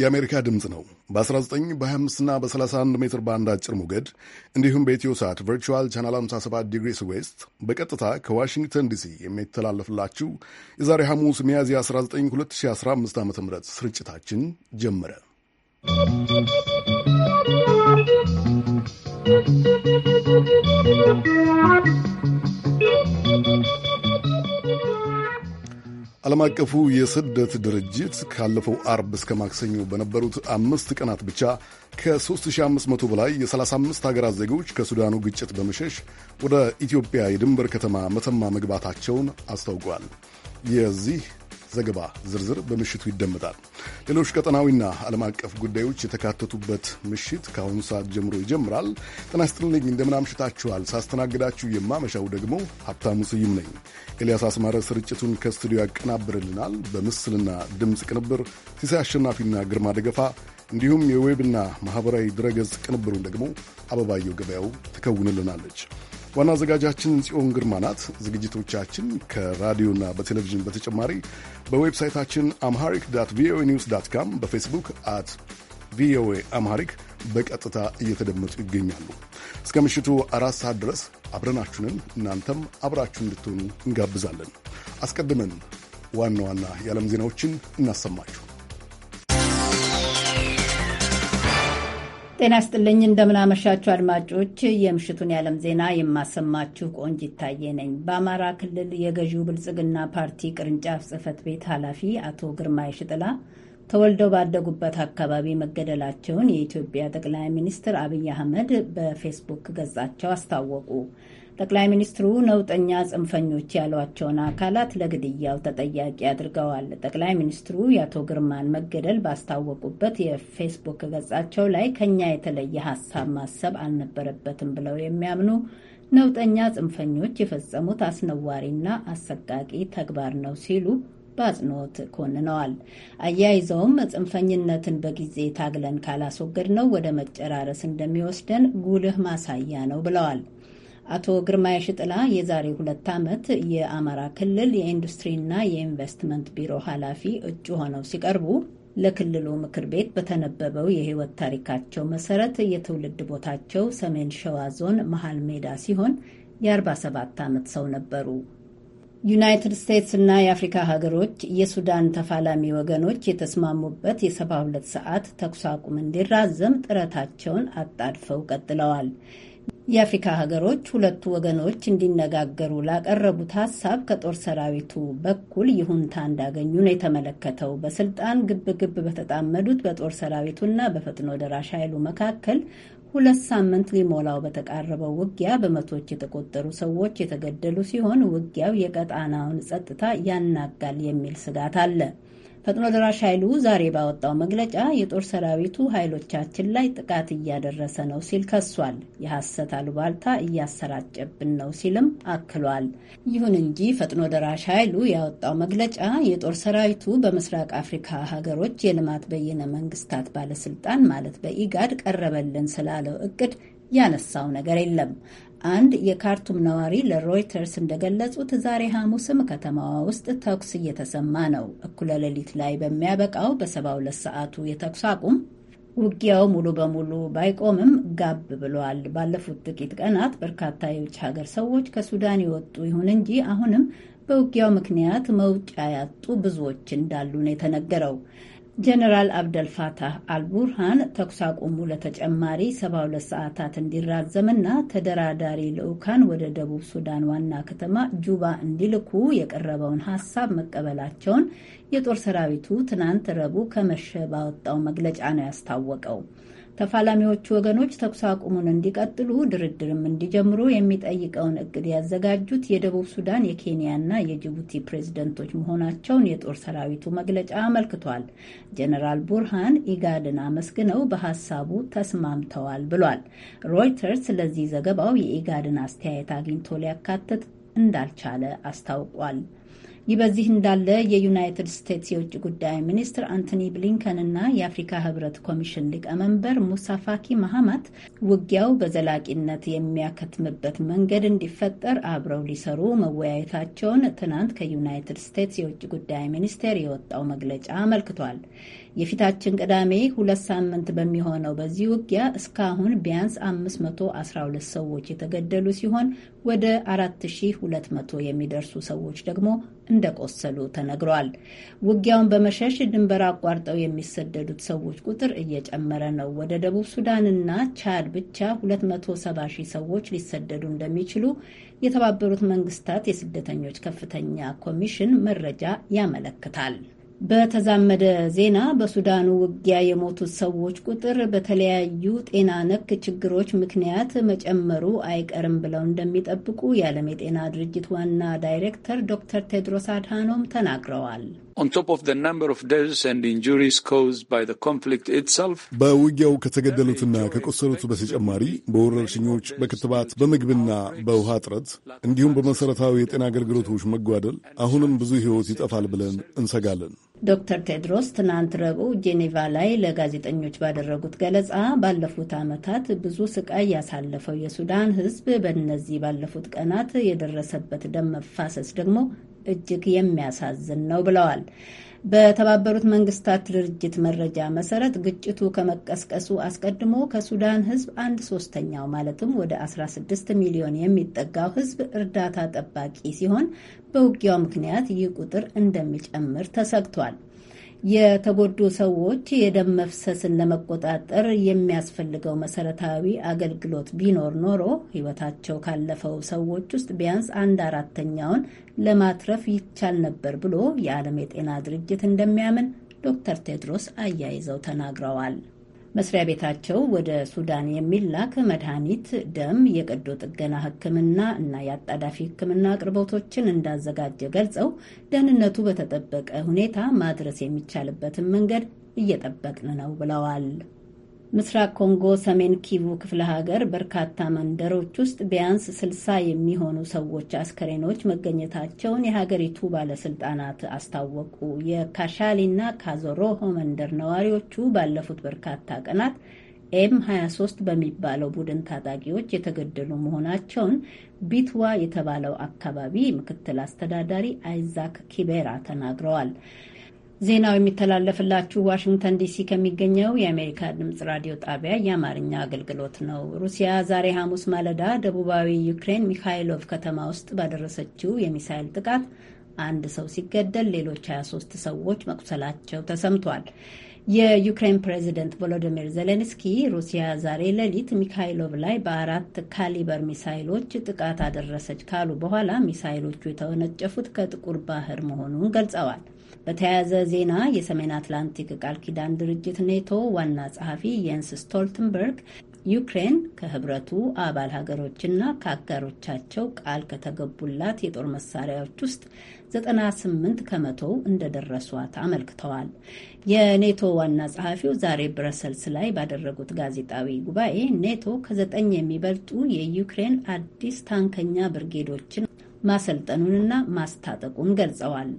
የአሜሪካ ድምፅ ነው። በ19 በ25ና በ31 ሜትር ባንድ አጭር ሞገድ እንዲሁም በኢትዮ ሰዓት ቨርቹዋል ቻናል 57 ዲግሪስ ዌስት በቀጥታ ከዋሽንግተን ዲሲ የሚተላለፍላችሁ የዛሬ ሐሙስ ሚያዝያ 19 2015 ዓ ም ስርጭታችን ጀመረ። ¶¶ ዓለም አቀፉ የስደት ድርጅት ካለፈው አርብ እስከ ማክሰኞ በነበሩት አምስት ቀናት ብቻ ከ3500 በላይ የ35 ሀገራት ዜጎች ከሱዳኑ ግጭት በመሸሽ ወደ ኢትዮጵያ የድንበር ከተማ መተማ መግባታቸውን አስታውቋል። የዚህ ዘገባ ዝርዝር በምሽቱ ይደመጣል። ሌሎች ቀጠናዊና ዓለም አቀፍ ጉዳዮች የተካተቱበት ምሽት ከአሁኑ ሰዓት ጀምሮ ይጀምራል። ጤና ይስጥልኝ፣ እንደምን አምሽታችኋል። ሳስተናግዳችሁ የማመሻው ደግሞ ሀብታሙ ስዩም ነኝ። ኤልያስ አስማረ ስርጭቱን ከስቱዲዮ ያቀናብርልናል። በምስልና ድምፅ ቅንብር ሲሳይ አሸናፊና ግርማ ደገፋ እንዲሁም የዌብና ማኅበራዊ ድረገጽ ቅንብሩን ደግሞ አበባየው ገበያው ትከውንልናለች። ዋና አዘጋጃችን ጽዮን ግርማ ናት። ዝግጅቶቻችን ከራዲዮና በቴሌቪዥን በተጨማሪ በዌብሳይታችን አምሃሪክ ዳት ቪኦኤ ኒውስ ዳት ካም፣ በፌስቡክ አት ቪኦኤ አምሃሪክ በቀጥታ እየተደመጡ ይገኛሉ። እስከ ምሽቱ አራት ሰዓት ድረስ አብረናችሁንን እናንተም አብራችሁ እንድትሆኑ እንጋብዛለን። አስቀድመን ዋና ዋና የዓለም ዜናዎችን እናሰማችሁ። ጤና ይስጥልኝ እንደምናመሻችሁ አድማጮች፣ የምሽቱን የዓለም ዜና የማሰማችሁ ቆንጅ ይታየ ነኝ። በአማራ ክልል የገዢው ብልጽግና ፓርቲ ቅርንጫፍ ጽህፈት ቤት ኃላፊ አቶ ግርማይ ሽጥላ ተወልደው ባደጉበት አካባቢ መገደላቸውን የኢትዮጵያ ጠቅላይ ሚኒስትር አብይ አህመድ በፌስቡክ ገጻቸው አስታወቁ። ጠቅላይ ሚኒስትሩ ነውጠኛ ጽንፈኞች ያሏቸውን አካላት ለግድያው ተጠያቂ አድርገዋል። ጠቅላይ ሚኒስትሩ የአቶ ግርማን መገደል ባስታወቁበት የፌስቡክ ገጻቸው ላይ ከኛ የተለየ ሀሳብ ማሰብ አልነበረበትም ብለው የሚያምኑ ነውጠኛ ጽንፈኞች የፈጸሙት አስነዋሪና አሰቃቂ ተግባር ነው ሲሉ በአጽንኦት ኮንነዋል። አያይዘውም ጽንፈኝነትን በጊዜ ታግለን ካላስወገድ ነው ወደ መጨራረስ እንደሚወስደን ጉልህ ማሳያ ነው ብለዋል። አቶ ግርማ ሽጥላ የዛሬ ሁለት ዓመት የአማራ ክልል የኢንዱስትሪና የኢንቨስትመንት ቢሮ ኃላፊ እጩ ሆነው ሲቀርቡ ለክልሉ ምክር ቤት በተነበበው የሕይወት ታሪካቸው መሰረት የትውልድ ቦታቸው ሰሜን ሸዋ ዞን መሃል ሜዳ ሲሆን የ47 ዓመት ሰው ነበሩ። ዩናይትድ ስቴትስ እና የአፍሪካ ሀገሮች የሱዳን ተፋላሚ ወገኖች የተስማሙበት የ72 ሰዓት ተኩስ አቁም እንዲራዘም ጥረታቸውን አጣድፈው ቀጥለዋል። የአፍሪካ ሀገሮች ሁለቱ ወገኖች እንዲነጋገሩ ላቀረቡት ሀሳብ ከጦር ሰራዊቱ በኩል ይሁንታ እንዳገኙ ነው የተመለከተው። በስልጣን ግብግብ በተጣመዱት በጦር ሰራዊቱና በፈጥኖ ደራሽ ኃይሉ መካከል ሁለት ሳምንት ሊሞላው በተቃረበው ውጊያ በመቶዎች የተቆጠሩ ሰዎች የተገደሉ ሲሆን ውጊያው የቀጣናውን ጸጥታ ያናጋል የሚል ስጋት አለ። ፈጥኖ ደራሽ ኃይሉ ዛሬ ባወጣው መግለጫ የጦር ሰራዊቱ ኃይሎቻችን ላይ ጥቃት እያደረሰ ነው ሲል ከሷል። የሐሰት አሉባልታ እያሰራጨብን ነው ሲልም አክሏል። ይሁን እንጂ ፈጥኖ ደራሽ ኃይሉ ያወጣው መግለጫ የጦር ሰራዊቱ በምስራቅ አፍሪካ ሀገሮች የልማት በይነ መንግስታት ባለስልጣን ማለት በኢጋድ ቀረበልን ስላለው እቅድ ያነሳው ነገር የለም። አንድ የካርቱም ነዋሪ ለሮይተርስ እንደገለጹት ዛሬ ሐሙስም ከተማዋ ውስጥ ተኩስ እየተሰማ ነው። እኩለ ሌሊት ላይ በሚያበቃው በሰባ ሁለት ሰዓቱ የተኩስ አቁም ውጊያው ሙሉ በሙሉ ባይቆምም ጋብ ብሏል። ባለፉት ጥቂት ቀናት በርካታ የውጭ ሀገር ሰዎች ከሱዳን የወጡ ይሁን እንጂ አሁንም በውጊያው ምክንያት መውጫ ያጡ ብዙዎች እንዳሉ ነው የተነገረው። ጀነራል አብደልፋታህ አልቡርሃን ተኩስ አቁሙ ለተጨማሪ 72 ሰዓታት እንዲራዘምና ተደራዳሪ ልዑካን ወደ ደቡብ ሱዳን ዋና ከተማ ጁባ እንዲልኩ የቀረበውን ሀሳብ መቀበላቸውን የጦር ሰራዊቱ ትናንት ረቡዕ ከመሸ ባወጣው መግለጫ ነው ያስታወቀው። ተፋላሚዎቹ ወገኖች ተኩስ አቁሙን እንዲቀጥሉ ድርድርም እንዲጀምሩ የሚጠይቀውን እቅድ ያዘጋጁት የደቡብ ሱዳን፣ የኬንያና የጅቡቲ ፕሬዝደንቶች መሆናቸውን የጦር ሰራዊቱ መግለጫ አመልክቷል። ጀነራል ቡርሃን ኢጋድን አመስግነው በሀሳቡ ተስማምተዋል ብሏል። ሮይተርስ ለዚህ ዘገባው የኢጋድን አስተያየት አግኝቶ ሊያካትት እንዳልቻለ አስታውቋል። ይህ በዚህ እንዳለ የዩናይትድ ስቴትስ የውጭ ጉዳይ ሚኒስትር አንቶኒ ብሊንከን እና የአፍሪካ ህብረት ኮሚሽን ሊቀመንበር ሙሳ ፋኪ መሐማት ውጊያው በዘላቂነት የሚያከትምበት መንገድ እንዲፈጠር አብረው ሊሰሩ መወያየታቸውን ትናንት ከዩናይትድ ስቴትስ የውጭ ጉዳይ ሚኒስቴር የወጣው መግለጫ አመልክቷል። የፊታችን ቅዳሜ ሁለት ሳምንት በሚሆነው በዚህ ውጊያ እስካሁን ቢያንስ 512 ሰዎች የተገደሉ ሲሆን ወደ 4200 የሚደርሱ ሰዎች ደግሞ እንደቆሰሉ ተነግሯል። ውጊያውን በመሸሽ ድንበር አቋርጠው የሚሰደዱት ሰዎች ቁጥር እየጨመረ ነው። ወደ ደቡብ ሱዳንና ቻድ ብቻ 270 ሺህ ሰዎች ሊሰደዱ እንደሚችሉ የተባበሩት መንግስታት የስደተኞች ከፍተኛ ኮሚሽን መረጃ ያመለክታል። በተዛመደ ዜና በሱዳኑ ውጊያ የሞቱት ሰዎች ቁጥር በተለያዩ ጤና ነክ ችግሮች ምክንያት መጨመሩ አይቀርም ብለው እንደሚጠብቁ የዓለም የጤና ድርጅት ዋና ዳይሬክተር ዶክተር ቴድሮስ አድሃኖም ተናግረዋል። በውጊያው ከተገደሉትና ከቆሰሉት በተጨማሪ በወረርሽኞች፣ በክትባት፣ በምግብና በውሃ እጥረት እንዲሁም በመሠረታዊ የጤና አገልግሎቶች መጓደል አሁንም ብዙ ሕይወት ይጠፋል ብለን እንሰጋለን። ዶክተር ቴድሮስ ትናንት ረቡዕ ጄኔቫ ላይ ለጋዜጠኞች ባደረጉት ገለጻ ባለፉት ዓመታት ብዙ ስቃይ ያሳለፈው የሱዳን ሕዝብ በእነዚህ ባለፉት ቀናት የደረሰበት ደም መፋሰስ ደግሞ እጅግ የሚያሳዝን ነው ብለዋል። በተባበሩት መንግስታት ድርጅት መረጃ መሰረት ግጭቱ ከመቀስቀሱ አስቀድሞ ከሱዳን ህዝብ አንድ ሶስተኛው ማለትም ወደ 16 ሚሊዮን የሚጠጋው ህዝብ እርዳታ ጠባቂ ሲሆን በውጊያው ምክንያት ይህ ቁጥር እንደሚጨምር ተሰግቷል። የተጎዱ ሰዎች የደም መፍሰስን ለመቆጣጠር የሚያስፈልገው መሰረታዊ አገልግሎት ቢኖር ኖሮ ሕይወታቸው ካለፈው ሰዎች ውስጥ ቢያንስ አንድ አራተኛውን ለማትረፍ ይቻል ነበር ብሎ የዓለም የጤና ድርጅት እንደሚያምን ዶክተር ቴድሮስ አያይዘው ተናግረዋል። መስሪያ ቤታቸው ወደ ሱዳን የሚላክ መድኃኒት፣ ደም፣ የቀዶ ጥገና ሕክምና እና የአጣዳፊ ሕክምና አቅርቦቶችን እንዳዘጋጀ ገልጸው ደህንነቱ በተጠበቀ ሁኔታ ማድረስ የሚቻልበትን መንገድ እየጠበቅን ነው ብለዋል። ምስራቅ ኮንጎ ሰሜን ኪቡ ክፍለ ሀገር በርካታ መንደሮች ውስጥ ቢያንስ ስልሳ የሚሆኑ ሰዎች አስከሬኖች መገኘታቸውን የሀገሪቱ ባለስልጣናት አስታወቁ። የካሻሊና ካዞሮሆ መንደር ነዋሪዎቹ ባለፉት በርካታ ቀናት ኤም 23 በሚባለው ቡድን ታጣቂዎች የተገደሉ መሆናቸውን ቢትዋ የተባለው አካባቢ ምክትል አስተዳዳሪ አይዛክ ኪቤራ ተናግረዋል። ዜናው የሚተላለፍላችሁ ዋሽንግተን ዲሲ ከሚገኘው የአሜሪካ ድምጽ ራዲዮ ጣቢያ የአማርኛ አገልግሎት ነው። ሩሲያ ዛሬ ሐሙስ ማለዳ ደቡባዊ ዩክሬን ሚካይሎቭ ከተማ ውስጥ ባደረሰችው የሚሳይል ጥቃት አንድ ሰው ሲገደል ሌሎች 23 ሰዎች መቁሰላቸው ተሰምቷል። የዩክሬን ፕሬዚደንት ቮሎዲሚር ዜሌንስኪ ሩሲያ ዛሬ ሌሊት ሚካይሎቭ ላይ በአራት ካሊበር ሚሳይሎች ጥቃት አደረሰች ካሉ በኋላ ሚሳይሎቹ የተወነጨፉት ከጥቁር ባህር መሆኑን ገልጸዋል። በተያያዘ ዜና የሰሜን አትላንቲክ ቃል ኪዳን ድርጅት ኔቶ ዋና ጸሐፊ የንስ ስቶልትንበርግ ዩክሬን ከህብረቱ አባል ሀገሮችና ከአጋሮቻቸው ቃል ከተገቡላት የጦር መሳሪያዎች ውስጥ 98 ከመቶ እንደደረሷት አመልክተዋል። የኔቶ ዋና ጸሐፊው ዛሬ ብረሰልስ ላይ ባደረጉት ጋዜጣዊ ጉባኤ ኔቶ ከዘጠኝ የሚበልጡ የዩክሬን አዲስ ታንከኛ ብርጌዶችን ማሰልጠኑንና ማስታጠቁን ገልጸዋል።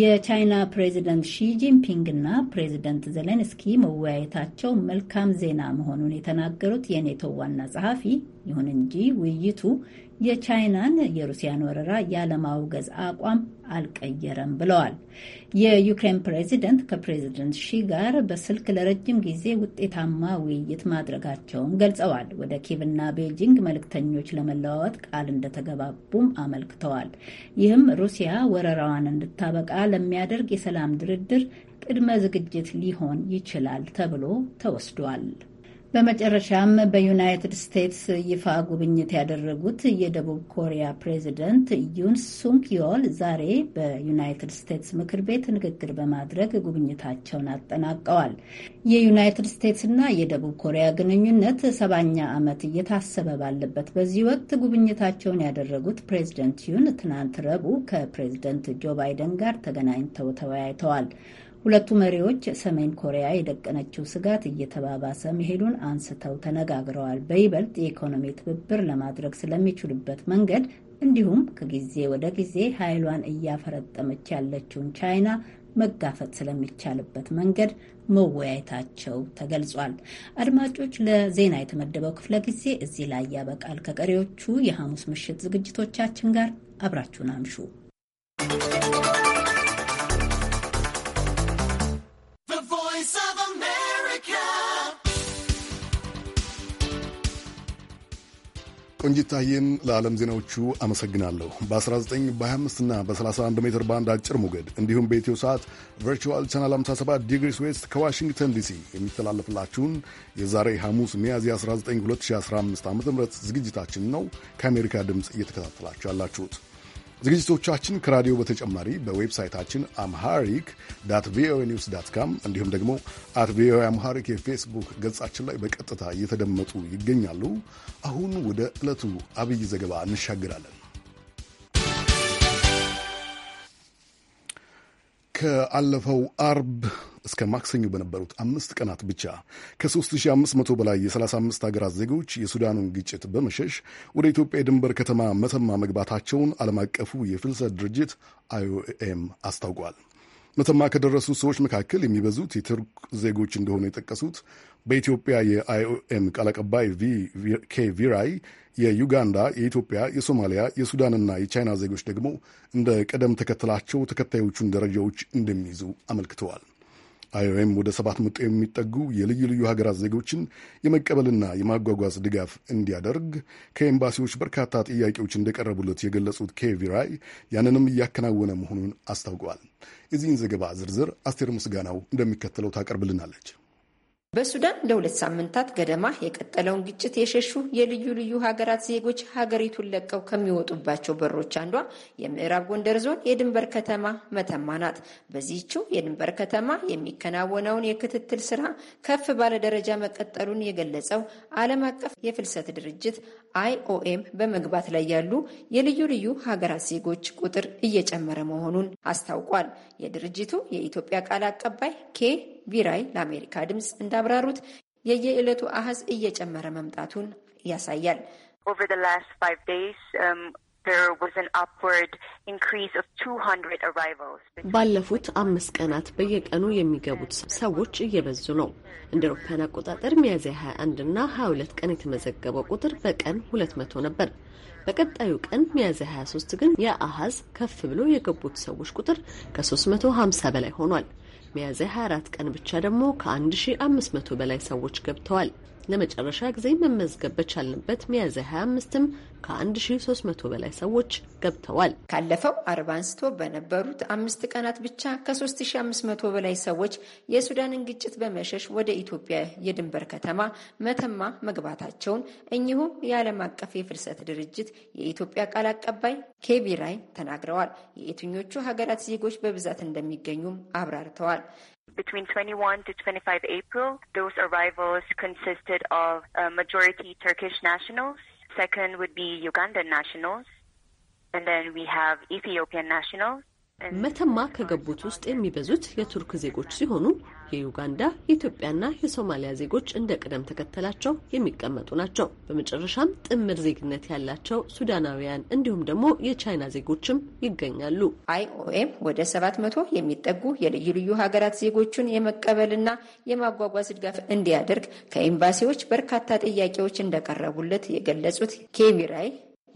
የቻይና ፕሬዚደንት ሺጂንፒንግና ጂንፒንግ ፕሬዚደንት ዘለንስኪ መወያየታቸው መልካም ዜና መሆኑን የተናገሩት የኔቶ ዋና ጸሐፊ፣ ይሁን እንጂ ውይይቱ የቻይናን የሩሲያን ወረራ ያለማውገዝ አቋም አልቀየረም ብለዋል። የዩክሬን ፕሬዚደንት ከፕሬዚደንት ሺ ጋር በስልክ ለረጅም ጊዜ ውጤታማ ውይይት ማድረጋቸውን ገልጸዋል። ወደ ኪቭና ቤጂንግ መልእክተኞች ለመለዋወጥ ቃል እንደተገባቡም አመልክተዋል። ይህም ሩሲያ ወረራዋን እንድታበቃ ለሚያደርግ የሰላም ድርድር ቅድመ ዝግጅት ሊሆን ይችላል ተብሎ ተወስዷል። በመጨረሻም በዩናይትድ ስቴትስ ይፋ ጉብኝት ያደረጉት የደቡብ ኮሪያ ፕሬዚደንት ዩን ሱንኪዮል ዛሬ በዩናይትድ ስቴትስ ምክር ቤት ንግግር በማድረግ ጉብኝታቸውን አጠናቀዋል። የዩናይትድ ስቴትስና የደቡብ ኮሪያ ግንኙነት ሰባኛ ዓመት እየታሰበ ባለበት በዚህ ወቅት ጉብኝታቸውን ያደረጉት ፕሬዚደንት ዩን ትናንት ረቡዕ ከፕሬዚደንት ጆ ባይደን ጋር ተገናኝተው ተወያይተዋል። ሁለቱ መሪዎች ሰሜን ኮሪያ የደቀነችው ስጋት እየተባባሰ መሄዱን አንስተው ተነጋግረዋል። በይበልጥ የኢኮኖሚ ትብብር ለማድረግ ስለሚችሉበት መንገድ እንዲሁም ከጊዜ ወደ ጊዜ ኃይሏን እያፈረጠመች ያለችውን ቻይና መጋፈጥ ስለሚቻልበት መንገድ መወያየታቸው ተገልጿል። አድማጮች፣ ለዜና የተመደበው ክፍለ ጊዜ እዚህ ላይ ያበቃል። ከቀሪዎቹ የሐሙስ ምሽት ዝግጅቶቻችን ጋር አብራችሁን አምሹ። ቆንጂታዬን ለዓለም ዜናዎቹ አመሰግናለሁ። በ19 በ25ና በ31 ሜትር ባንድ አጭር ሞገድ እንዲሁም በኢትዮ ሰዓት ቨርቹዋል ቻናል 57 ዲግሪስ ዌስት ከዋሽንግተን ዲሲ የሚተላለፍላችሁን የዛሬ ሐሙስ ሚያዝያ 19 2015 ዓ ም ዝግጅታችን ነው ከአሜሪካ ድምፅ እየተከታተላችሁ ያላችሁት። ዝግጅቶቻችን ከራዲዮ በተጨማሪ በዌብሳይታችን አምሃሪክ ዳት ቪኦኤ ኒውስ ዳት ካም እንዲሁም ደግሞ አት ቪኦኤ አምሃሪክ የፌስቡክ ገጻችን ላይ በቀጥታ እየተደመጡ ይገኛሉ። አሁን ወደ ዕለቱ አብይ ዘገባ እንሻግራለን። ከአለፈው አርብ እስከ ማክሰኞ በነበሩት አምስት ቀናት ብቻ ከ3500 በላይ የ35 ሀገራት ዜጎች የሱዳኑን ግጭት በመሸሽ ወደ ኢትዮጵያ የድንበር ከተማ መተማ መግባታቸውን ዓለም አቀፉ የፍልሰት ድርጅት አይኦኤም አስታውቋል። መተማ ከደረሱ ሰዎች መካከል የሚበዙት የቱርክ ዜጎች እንደሆኑ የጠቀሱት በኢትዮጵያ የአይኦኤም ቃል አቀባይ ኬ ቪራይ የዩጋንዳ፣ የኢትዮጵያ፣ የሶማሊያ፣ የሱዳንና የቻይና ዜጎች ደግሞ እንደ ቀደም ተከትላቸው ተከታዮቹን ደረጃዎች እንደሚይዙ አመልክተዋል። አይኦኤም ወደ ሰባት መቶ የሚጠጉ የልዩ ልዩ ሀገራት ዜጎችን የመቀበልና የማጓጓዝ ድጋፍ እንዲያደርግ ከኤምባሲዎች በርካታ ጥያቄዎች እንደቀረቡለት የገለጹት ኬቪራይ ያንንም እያከናወነ መሆኑን አስታውቀዋል። የዚህን ዘገባ ዝርዝር አስቴር ምስጋናው እንደሚከተለው ታቀርብልናለች። በሱዳን ለሁለት ሳምንታት ገደማ የቀጠለውን ግጭት የሸሹ የልዩ ልዩ ሀገራት ዜጎች ሀገሪቱን ለቀው ከሚወጡባቸው በሮች አንዷ የምዕራብ ጎንደር ዞን የድንበር ከተማ መተማ ናት። በዚህችው የድንበር ከተማ የሚከናወነውን የክትትል ስራ ከፍ ባለ ደረጃ መቀጠሉን የገለጸው ዓለም አቀፍ የፍልሰት ድርጅት አይኦኤም በመግባት ላይ ያሉ የልዩ ልዩ ሀገራት ዜጎች ቁጥር እየጨመረ መሆኑን አስታውቋል። የድርጅቱ የኢትዮጵያ ቃል አቀባይ ኬ ቪራይ ለአሜሪካ ድምፅ እንዳብራሩት የየዕለቱ አሃዝ እየጨመረ መምጣቱን ያሳያል። um, ባለፉት አምስት ቀናት በየቀኑ የሚገቡት ሰዎች እየበዙ ነው። እንደ አውሮፓውያን አቆጣጠር ሚያዝያ 21 እና 22 ቀን የተመዘገበው ቁጥር በቀን 200 ነበር። በቀጣዩ ቀን ሚያዝያ 23 ግን የአሃዝ ከፍ ብሎ የገቡት ሰዎች ቁጥር ከ350 በላይ ሆኗል። ሚያዝያ 24 ቀን ብቻ ደግሞ ከ1500 በላይ ሰዎች ገብተዋል። ለመጨረሻ ጊዜ መመዝገብ በቻልንበት ሚያዝያ 25ም ከ1300 በላይ ሰዎች ገብተዋል። ካለፈው አርብ አንስቶ በነበሩት አምስት ቀናት ብቻ ከ3500 በላይ ሰዎች የሱዳንን ግጭት በመሸሽ ወደ ኢትዮጵያ የድንበር ከተማ መተማ መግባታቸውን እኚሁ የዓለም አቀፍ የፍልሰት ድርጅት የኢትዮጵያ ቃል አቀባይ ኬቢራይ ተናግረዋል። የየትኞቹ ሀገራት ዜጎች በብዛት እንደሚገኙም አብራርተዋል። Between 21 to 25 April, those arrivals consisted of a uh, majority Turkish nationals. Second would be Ugandan nationals. And then we have Ethiopian nationals. መተማ ከገቡት ውስጥ የሚበዙት የቱርክ ዜጎች ሲሆኑ የዩጋንዳ የኢትዮጵያና የሶማሊያ ዜጎች እንደ ቅደም ተከተላቸው የሚቀመጡ ናቸው። በመጨረሻም ጥምር ዜግነት ያላቸው ሱዳናውያን እንዲሁም ደግሞ የቻይና ዜጎችም ይገኛሉ። አይኦኤም ወደ ሰባት መቶ የሚጠጉ የልዩ ልዩ ሀገራት ዜጎቹን የመቀበልና የማጓጓዝ ድጋፍ እንዲያደርግ ከኤምባሲዎች በርካታ ጥያቄዎች እንደቀረቡለት የገለጹት ኬቪራይ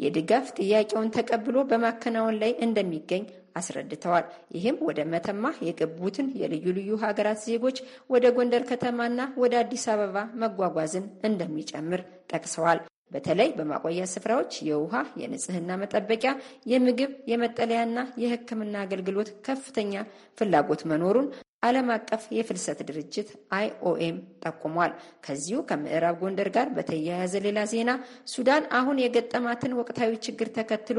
የድጋፍ ጥያቄውን ተቀብሎ በማከናወን ላይ እንደሚገኝ አስረድተዋል። ይህም ወደ መተማ የገቡትን የልዩ ልዩ ሀገራት ዜጎች ወደ ጎንደር ከተማና ወደ አዲስ አበባ መጓጓዝን እንደሚጨምር ጠቅሰዋል። በተለይ በማቆያ ስፍራዎች የውሃ፣ የንጽህና መጠበቂያ፣ የምግብ፣ የመጠለያና የሕክምና አገልግሎት ከፍተኛ ፍላጎት መኖሩን ዓለም አቀፍ የፍልሰት ድርጅት አይኦኤም ጠቁሟል። ከዚሁ ከምዕራብ ጎንደር ጋር በተያያዘ ሌላ ዜና ሱዳን አሁን የገጠማትን ወቅታዊ ችግር ተከትሎ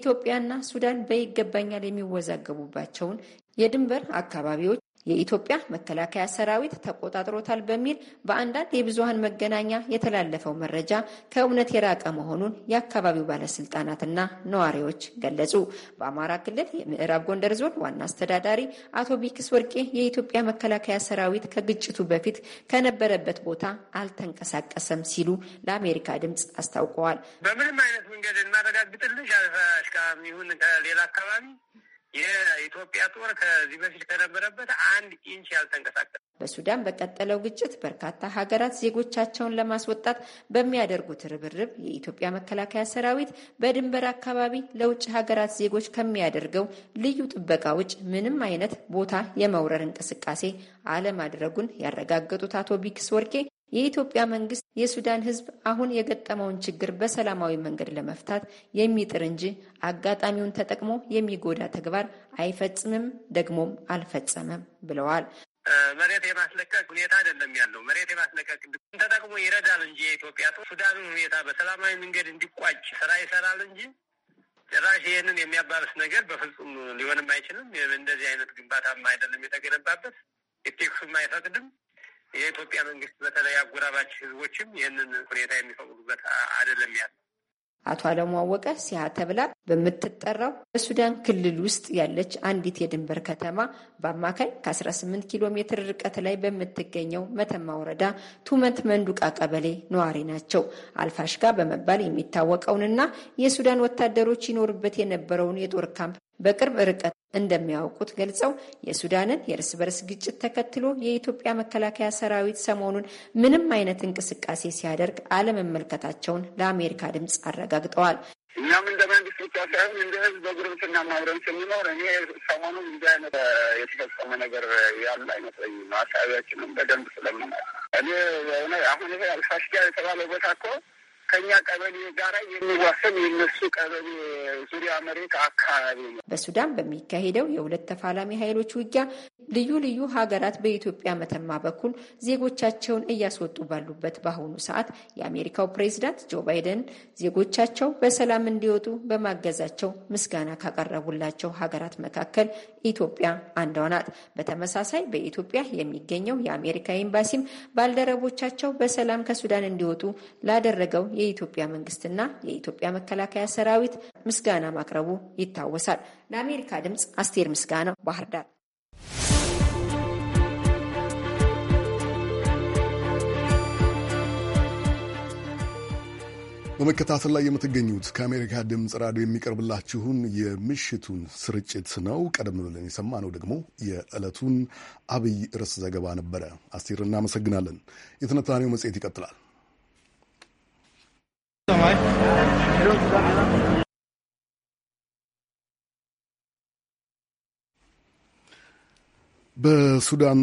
ኢትዮጵያና ሱዳን በይገባኛል የሚወዛገቡባቸውን የድንበር አካባቢዎች የኢትዮጵያ መከላከያ ሰራዊት ተቆጣጥሮታል በሚል በአንዳንድ የብዙሀን መገናኛ የተላለፈው መረጃ ከእውነት የራቀ መሆኑን የአካባቢው ባለስልጣናትና ነዋሪዎች ገለጹ። በአማራ ክልል የምዕራብ ጎንደር ዞን ዋና አስተዳዳሪ አቶ ቢክስ ወርቄ የኢትዮጵያ መከላከያ ሰራዊት ከግጭቱ በፊት ከነበረበት ቦታ አልተንቀሳቀሰም ሲሉ ለአሜሪካ ድምፅ አስታውቀዋል። በምንም አይነት መንገድ እናረጋግጥልሽ አሽቃም ይሁን አካባቢ የኢትዮጵያ ጦር ከዚህ በፊት ከነበረበት አንድ ኢንች ያልተንቀሳቀሰ። በሱዳን በቀጠለው ግጭት በርካታ ሀገራት ዜጎቻቸውን ለማስወጣት በሚያደርጉት ርብርብ የኢትዮጵያ መከላከያ ሰራዊት በድንበር አካባቢ ለውጭ ሀገራት ዜጎች ከሚያደርገው ልዩ ጥበቃ ውጭ ምንም አይነት ቦታ የመውረር እንቅስቃሴ አለማድረጉን ያረጋገጡት አቶ ቢክስ ወርቄ የኢትዮጵያ መንግስት የሱዳን ህዝብ አሁን የገጠመውን ችግር በሰላማዊ መንገድ ለመፍታት የሚጥር እንጂ አጋጣሚውን ተጠቅሞ የሚጎዳ ተግባር አይፈጽምም፣ ደግሞም አልፈጸመም ብለዋል። መሬት የማስለቀቅ ሁኔታ አይደለም ያለው። መሬት የማስለቀቅ ተጠቅሞ ይረዳል እንጂ የኢትዮጵያ ሱዳንን ሁኔታ በሰላማዊ መንገድ እንዲቋጭ ስራ ይሰራል እንጂ ጭራሽ ይህንን የሚያባብስ ነገር በፍጹም ሊሆንም አይችልም። እንደዚህ አይነት ግንባታም አይደለም የተገነባበት፣ ቴክሱም አይፈቅድም። የኢትዮጵያ መንግስት በተለይ አጎራባች ህዝቦችም ይህንን ሁኔታ የሚፈቅዱበት አይደለም ያለ አቶ አለሙ አወቀ ሲያ ተብላ በምትጠራው በሱዳን ክልል ውስጥ ያለች አንዲት የድንበር ከተማ በአማካይ ከ18 ኪሎ ሜትር ርቀት ላይ በምትገኘው መተማ ወረዳ ቱመት መንዱቃ ቀበሌ ነዋሪ ናቸው። አልፋሽጋ በመባል የሚታወቀውንና የሱዳን ወታደሮች ይኖርበት የነበረውን የጦር ካምፕ በቅርብ ርቀት እንደሚያውቁት ገልጸው የሱዳንን የእርስ በርስ ግጭት ተከትሎ የኢትዮጵያ መከላከያ ሰራዊት ሰሞኑን ምንም አይነት እንቅስቃሴ ሲያደርግ አለመመልከታቸውን ለአሜሪካ ድምፅ አረጋግጠዋል። እኛም እንደ መንግስት ብቻ ሳይሆን እንደ ህዝብ በጉርብትና ማብረን ስንኖር እኔ ሰሞኑ እንዲህ አይነት የተፈጸመ ነገር ያለ አይመስለኝም። አካባቢያችንም በደንብ ስለምናል እኔ ሆነ አሁን ይሄ አልፋሽጋ የተባለው ቦታ እኮ ከኛ ቀበሌ ጋራ የሚዋሰን የነሱ ቀበሌ ዙሪያ መሬት አካባቢ ነው። በሱዳን በሚካሄደው የሁለት ተፋላሚ ኃይሎች ውጊያ ልዩ ልዩ ሀገራት በኢትዮጵያ መተማ በኩል ዜጎቻቸውን እያስወጡ ባሉበት በአሁኑ ሰዓት የአሜሪካው ፕሬዚዳንት ጆ ባይደን ዜጎቻቸው በሰላም እንዲወጡ በማገዛቸው ምስጋና ካቀረቡላቸው ሀገራት መካከል ኢትዮጵያ አንዷ ናት። በተመሳሳይ በኢትዮጵያ የሚገኘው የአሜሪካ ኤምባሲም ባልደረቦቻቸው በሰላም ከሱዳን እንዲወጡ ላደረገው የኢትዮጵያ መንግስትና የኢትዮጵያ መከላከያ ሰራዊት ምስጋና ማቅረቡ ይታወሳል። ለአሜሪካ ድምፅ አስቴር ምስጋናው ባህር ዳር። በመከታተል ላይ የምትገኙት ከአሜሪካ ድምፅ ራዲዮ የሚቀርብላችሁን የምሽቱን ስርጭት ነው። ቀደም ብለን የሰማነው ደግሞ የዕለቱን አብይ ርዕስ ዘገባ ነበረ። አስቴር እናመሰግናለን። የትንታኔው መጽሔት ይቀጥላል። በሱዳን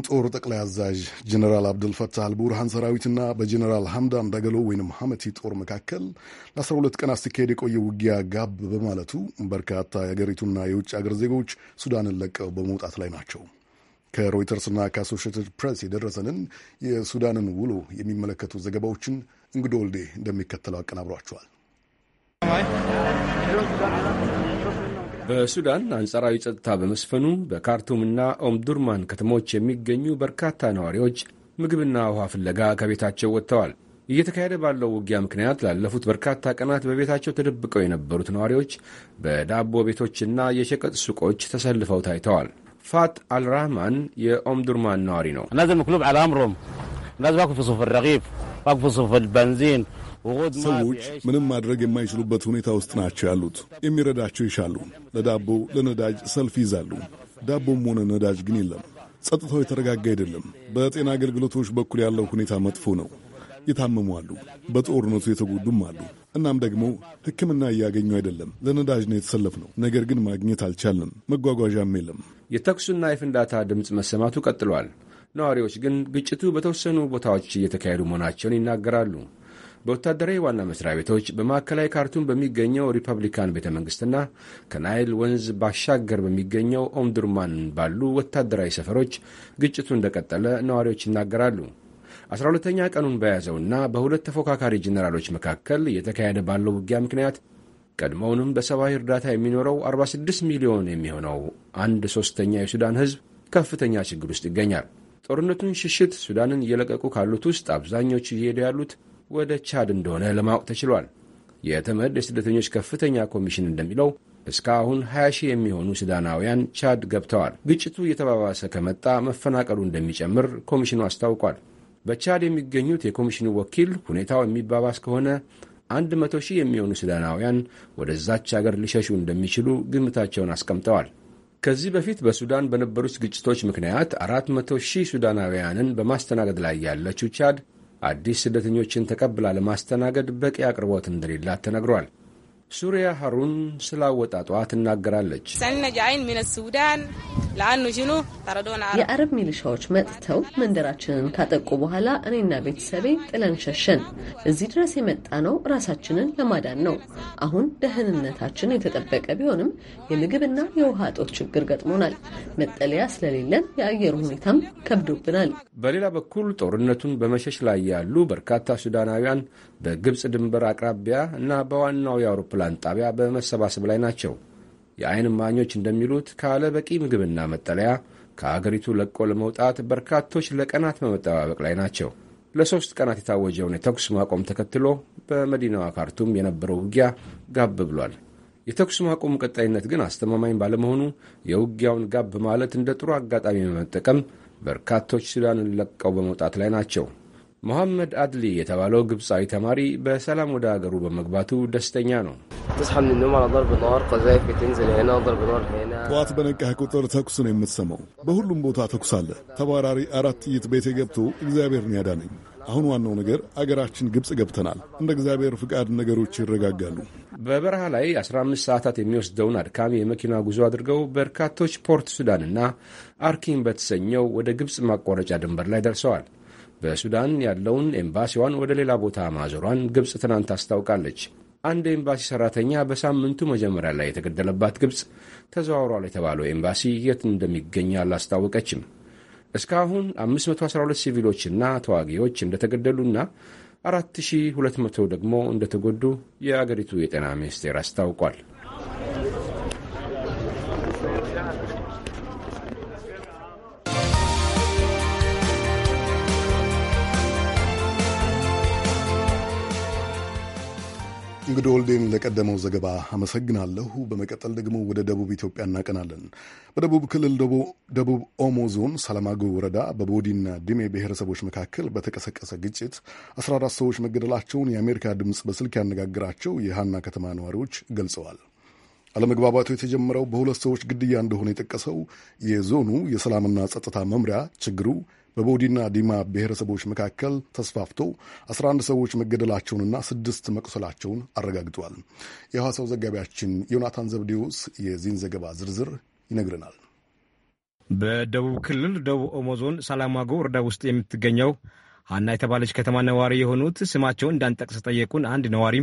ጦር ጠቅላይ አዛዥ ጀኔራል አብደልፈታህ አልቡርሃን ሰራዊትና በጀኔራል ሐምዳን ዳገሎ ወይም ሐመቲ ጦር መካከል ለ12 ቀናት ሲካሄድ የቆየ ውጊያ ጋብ በማለቱ በርካታ የአገሪቱና የውጭ አገር ዜጎች ሱዳንን ለቀው በመውጣት ላይ ናቸው። ከሮይተርስና ከአሶሽትድ ፕሬስ የደረሰንን የሱዳንን ውሎ የሚመለከቱ ዘገባዎችን እንግዶ ወልዴ እንደሚከተለው አቀናብሯቸዋል። በሱዳን አንጻራዊ ጸጥታ በመስፈኑ በካርቱምና ኦምዱርማን ከተሞች የሚገኙ በርካታ ነዋሪዎች ምግብና ውሃ ፍለጋ ከቤታቸው ወጥተዋል። እየተካሄደ ባለው ውጊያ ምክንያት ላለፉት በርካታ ቀናት በቤታቸው ተደብቀው የነበሩት ነዋሪዎች በዳቦ ቤቶችና የሸቀጥ ሱቆች ተሰልፈው ታይተዋል። ፋት አልራህማን የኦምዱርማን ነዋሪ ነው። ሰዎች ምንም ማድረግ የማይችሉበት ሁኔታ ውስጥ ናቸው ያሉት። የሚረዳቸው ይሻሉ። ለዳቦ ለነዳጅ ሰልፍ ይዛሉ። ዳቦም ሆነ ነዳጅ ግን የለም። ጸጥታው የተረጋጋ አይደለም። በጤና አገልግሎቶች በኩል ያለው ሁኔታ መጥፎ ነው። የታመሙ አሉ፣ በጦርነቱ የተጎዱም አሉ። እናም ደግሞ ሕክምና እያገኙ አይደለም። ለነዳጅ ነው የተሰለፍ ነው ነገር ግን ማግኘት አልቻልንም። መጓጓዣም የለም። የተኩስና የፍንዳታ ድምፅ መሰማቱ ቀጥሏል። ነዋሪዎች ግን ግጭቱ በተወሰኑ ቦታዎች እየተካሄዱ መሆናቸውን ይናገራሉ። በወታደራዊ ዋና መስሪያ ቤቶች በማዕከላዊ ካርቱም በሚገኘው ሪፐብሊካን ቤተ መንግስትና ከናይል ወንዝ ባሻገር በሚገኘው ኦምዱርማን ባሉ ወታደራዊ ሰፈሮች ግጭቱ እንደቀጠለ ነዋሪዎች ይናገራሉ። አስራ ሁለተኛ ቀኑን በያዘውና በሁለት ተፎካካሪ ጀኔራሎች መካከል እየተካሄደ ባለው ውጊያ ምክንያት ቀድሞውንም በሰብአዊ እርዳታ የሚኖረው 46 ሚሊዮን የሚሆነው አንድ ሦስተኛ የሱዳን ሕዝብ ከፍተኛ ችግር ውስጥ ይገኛል። ጦርነቱን ሽሽት ሱዳንን እየለቀቁ ካሉት ውስጥ አብዛኞቹ እየሄዱ ያሉት ወደ ቻድ እንደሆነ ለማወቅ ተችሏል። የተመድ የስደተኞች ከፍተኛ ኮሚሽን እንደሚለው እስካሁን 20 ሺህ የሚሆኑ ሱዳናውያን ቻድ ገብተዋል። ግጭቱ እየተባባሰ ከመጣ መፈናቀሉ እንደሚጨምር ኮሚሽኑ አስታውቋል። በቻድ የሚገኙት የኮሚሽኑ ወኪል ሁኔታው የሚባባስ ከሆነ 100 ሺህ የሚሆኑ ሱዳናውያን ወደዛች አገር ሊሸሹ እንደሚችሉ ግምታቸውን አስቀምጠዋል። ከዚህ በፊት በሱዳን በነበሩት ግጭቶች ምክንያት 400 ሺህ ሱዳናውያንን በማስተናገድ ላይ ያለችው ቻድ አዲስ ስደተኞችን ተቀብላ ለማስተናገድ በቂ አቅርቦት እንደሌላት ተነግሯል። ሱሪያ ሀሩን ስላወጣጧ ትናገራለች። የአረብ ሚሊሻዎች መጥተው መንደራችንን ካጠቁ በኋላ እኔና ቤተሰቤ ጥለን ሸሸን። እዚህ ድረስ የመጣ ነው ራሳችንን ለማዳን ነው። አሁን ደህንነታችን የተጠበቀ ቢሆንም የምግብና የውሃ እጦት ችግር ገጥሞናል። መጠለያ ስለሌለን የአየር ሁኔታም ከብዶብናል። በሌላ በኩል ጦርነቱን በመሸሽ ላይ ያሉ በርካታ ሱዳናውያን በግብፅ ድንበር አቅራቢያ እና በዋናው የአውሮፕላን ጣቢያ በመሰባሰብ ላይ ናቸው። የአይን እማኞች እንደሚሉት ካለ በቂ ምግብና መጠለያ ከአገሪቱ ለቆ ለመውጣት በርካቶች ለቀናት በመጠባበቅ ላይ ናቸው። ለሶስት ቀናት የታወጀውን የተኩስ ማቆም ተከትሎ በመዲናዋ ካርቱም የነበረው ውጊያ ጋብ ብሏል። የተኩስ ማቆሙ ቀጣይነት ግን አስተማማኝ ባለመሆኑ የውጊያውን ጋብ ማለት እንደ ጥሩ አጋጣሚ በመጠቀም በርካቶች ሱዳንን ለቀው በመውጣት ላይ ናቸው። መሐመድ አድሊ የተባለው ግብፃዊ ተማሪ በሰላም ወደ አገሩ በመግባቱ ደስተኛ ነው። ጠዋት በነቃህ ቁጥር ተኩስ ነው የምትሰማው። በሁሉም ቦታ ተኩስ አለ። ተባራሪ አራት ጥይት ቤቴ ገብቶ እግዚአብሔርን ያዳነኝ። አሁን ዋናው ነገር አገራችን ግብፅ ገብተናል። እንደ እግዚአብሔር ፍቃድ ነገሮች ይረጋጋሉ። በበረሃ ላይ 15 ሰዓታት የሚወስደውን አድካሚ የመኪና ጉዞ አድርገው በርካቶች ፖርት ሱዳንና አርኪን በተሰኘው ወደ ግብፅ ማቋረጫ ድንበር ላይ ደርሰዋል። በሱዳን ያለውን ኤምባሲዋን ወደ ሌላ ቦታ ማዞሯን ግብፅ ትናንት አስታውቃለች። አንድ ኤምባሲ ሰራተኛ በሳምንቱ መጀመሪያ ላይ የተገደለባት ግብፅ ተዘዋውሯል የተባለው ኤምባሲ የት እንደሚገኝ አላስታወቀችም። እስካሁን 512 ሲቪሎችና ተዋጊዎች እንደተገደሉና 4200 ደግሞ እንደተጎዱ የአገሪቱ የጤና ሚኒስቴር አስታውቋል። እንግዲህ ወልዴን ለቀደመው ዘገባ አመሰግናለሁ። በመቀጠል ደግሞ ወደ ደቡብ ኢትዮጵያ እናቀናለን። በደቡብ ክልል ደቡብ ኦሞ ዞን ሰላማጎ ወረዳ በቦዲና ድሜ ብሔረሰቦች መካከል በተቀሰቀሰ ግጭት 14 ሰዎች መገደላቸውን የአሜሪካ ድምፅ በስልክ ያነጋግራቸው የሃና ከተማ ነዋሪዎች ገልጸዋል። አለመግባባቱ የተጀመረው በሁለት ሰዎች ግድያ እንደሆነ የጠቀሰው የዞኑ የሰላምና ጸጥታ መምሪያ ችግሩ በቦዲና ዲማ ብሔረሰቦች መካከል ተስፋፍቶ 11 ሰዎች መገደላቸውንና ስድስት መቁሰላቸውን አረጋግጠዋል። የሐዋሳው ዘጋቢያችን ዮናታን ዘብዴዎስ የዚህን ዘገባ ዝርዝር ይነግረናል። በደቡብ ክልል ደቡብ ኦሞ ዞን ሳላማጎ ወረዳ ውስጥ የምትገኘው ሀና የተባለች ከተማ ነዋሪ የሆኑት ስማቸውን እንዳንጠቅስ ጠየቁን አንድ ነዋሪ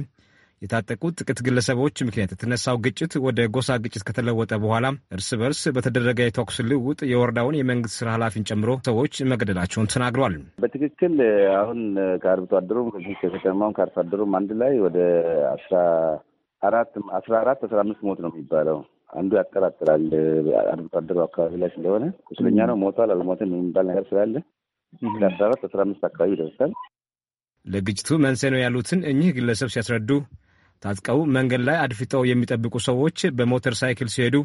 የታጠቁ ጥቂት ግለሰቦች ምክንያት የተነሳው ግጭት ወደ ጎሳ ግጭት ከተለወጠ በኋላ እርስ በርስ በተደረገ የተኩስ ልውውጥ የወረዳውን የመንግስት ስራ ኃላፊን ጨምሮ ሰዎች መገደላቸውን ተናግሯል። በትክክል አሁን ከአርብቶ አደሩም ከከተማውም ከአርሶ አደሩም አንድ ላይ ወደ አስራ አራት አስራ አራት አስራ አምስት ሞት ነው የሚባለው። አንዱ ያጠራጥራል። አርብቶ አደሩ አካባቢ ላይ ስለሆነ ቁስለኛ ነው ሞቷል አልሞትም የሚባል ነገር ስላለ አስራ አራት አስራ አምስት አካባቢ ይደርሳል። ለግጭቱ መንስኤ ነው ያሉትን እኚህ ግለሰብ ሲያስረዱ ታጥቀው መንገድ ላይ አድፍጠው የሚጠብቁ ሰዎች በሞተር ሳይክል ሲሄዱ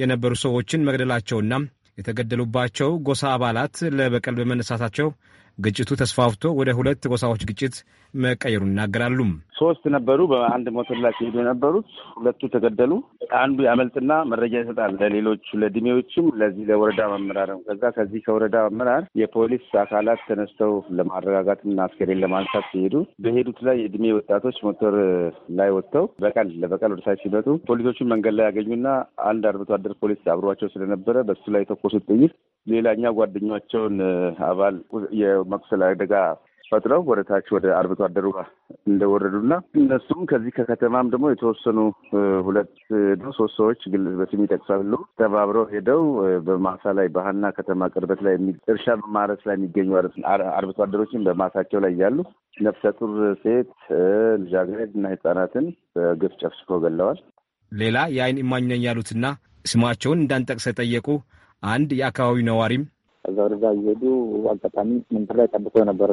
የነበሩ ሰዎችን መግደላቸውና የተገደሉባቸው ጎሳ አባላት ለበቀል በመነሳታቸው ግጭቱ ተስፋፍቶ ወደ ሁለት ጎሳዎች ግጭት መቀየሩን ይናገራሉ። ሶስት ነበሩ በአንድ ሞተር ላይ ሲሄዱ የነበሩት ሁለቱ ተገደሉ። አንዱ ያመልጥና መረጃ ይሰጣል ለሌሎቹ ለድሜዎችም፣ ለዚህ ለወረዳ መምህራን። ከዛ ከዚህ ከወረዳ መምህራን የፖሊስ አካላት ተነስተው ለማረጋጋትና አስከሬን ለማንሳት ሲሄዱ በሄዱት ላይ የእድሜ ወጣቶች ሞተር ላይ ወጥተው በቀል ለበቀል ወደ ሲመጡ ፖሊሶቹን መንገድ ላይ ያገኙና አንድ አርብቶ አደር ፖሊስ አብሯቸው ስለነበረ በሱ ላይ የተኮሱት ጥይት ሌላኛው ጓደኛቸውን አባል የመቁሰል አደጋ ፈጥረው ወደ ታች ወደ አርብቶ አደሩ እንደወረዱና እነሱም ከዚህ ከከተማም ደግሞ የተወሰኑ ሁለት ሶስት ሰዎች በስም ይጠቅሳሉ ተባብረው ሄደው በማሳ ላይ ባህና ከተማ ቅርበት ላይ እርሻ በማረስ ላይ የሚገኙ አርብቶ አደሮችን በማሳቸው ላይ እያሉ ነፍሰ ጡር ሴት ልጃገረድ እና ህጻናትን በግፍ ጨፍጭፈው ገለዋል። ሌላ የአይን እማኝ ነኝ ያሉትና ስማቸውን እንዳንጠቅሰ ጠየቁ አንድ የአካባቢው ነዋሪም ከዛ ወደዛ እየሄዱ አጋጣሚ ምንድር ላይ ጠብቆ የነበረ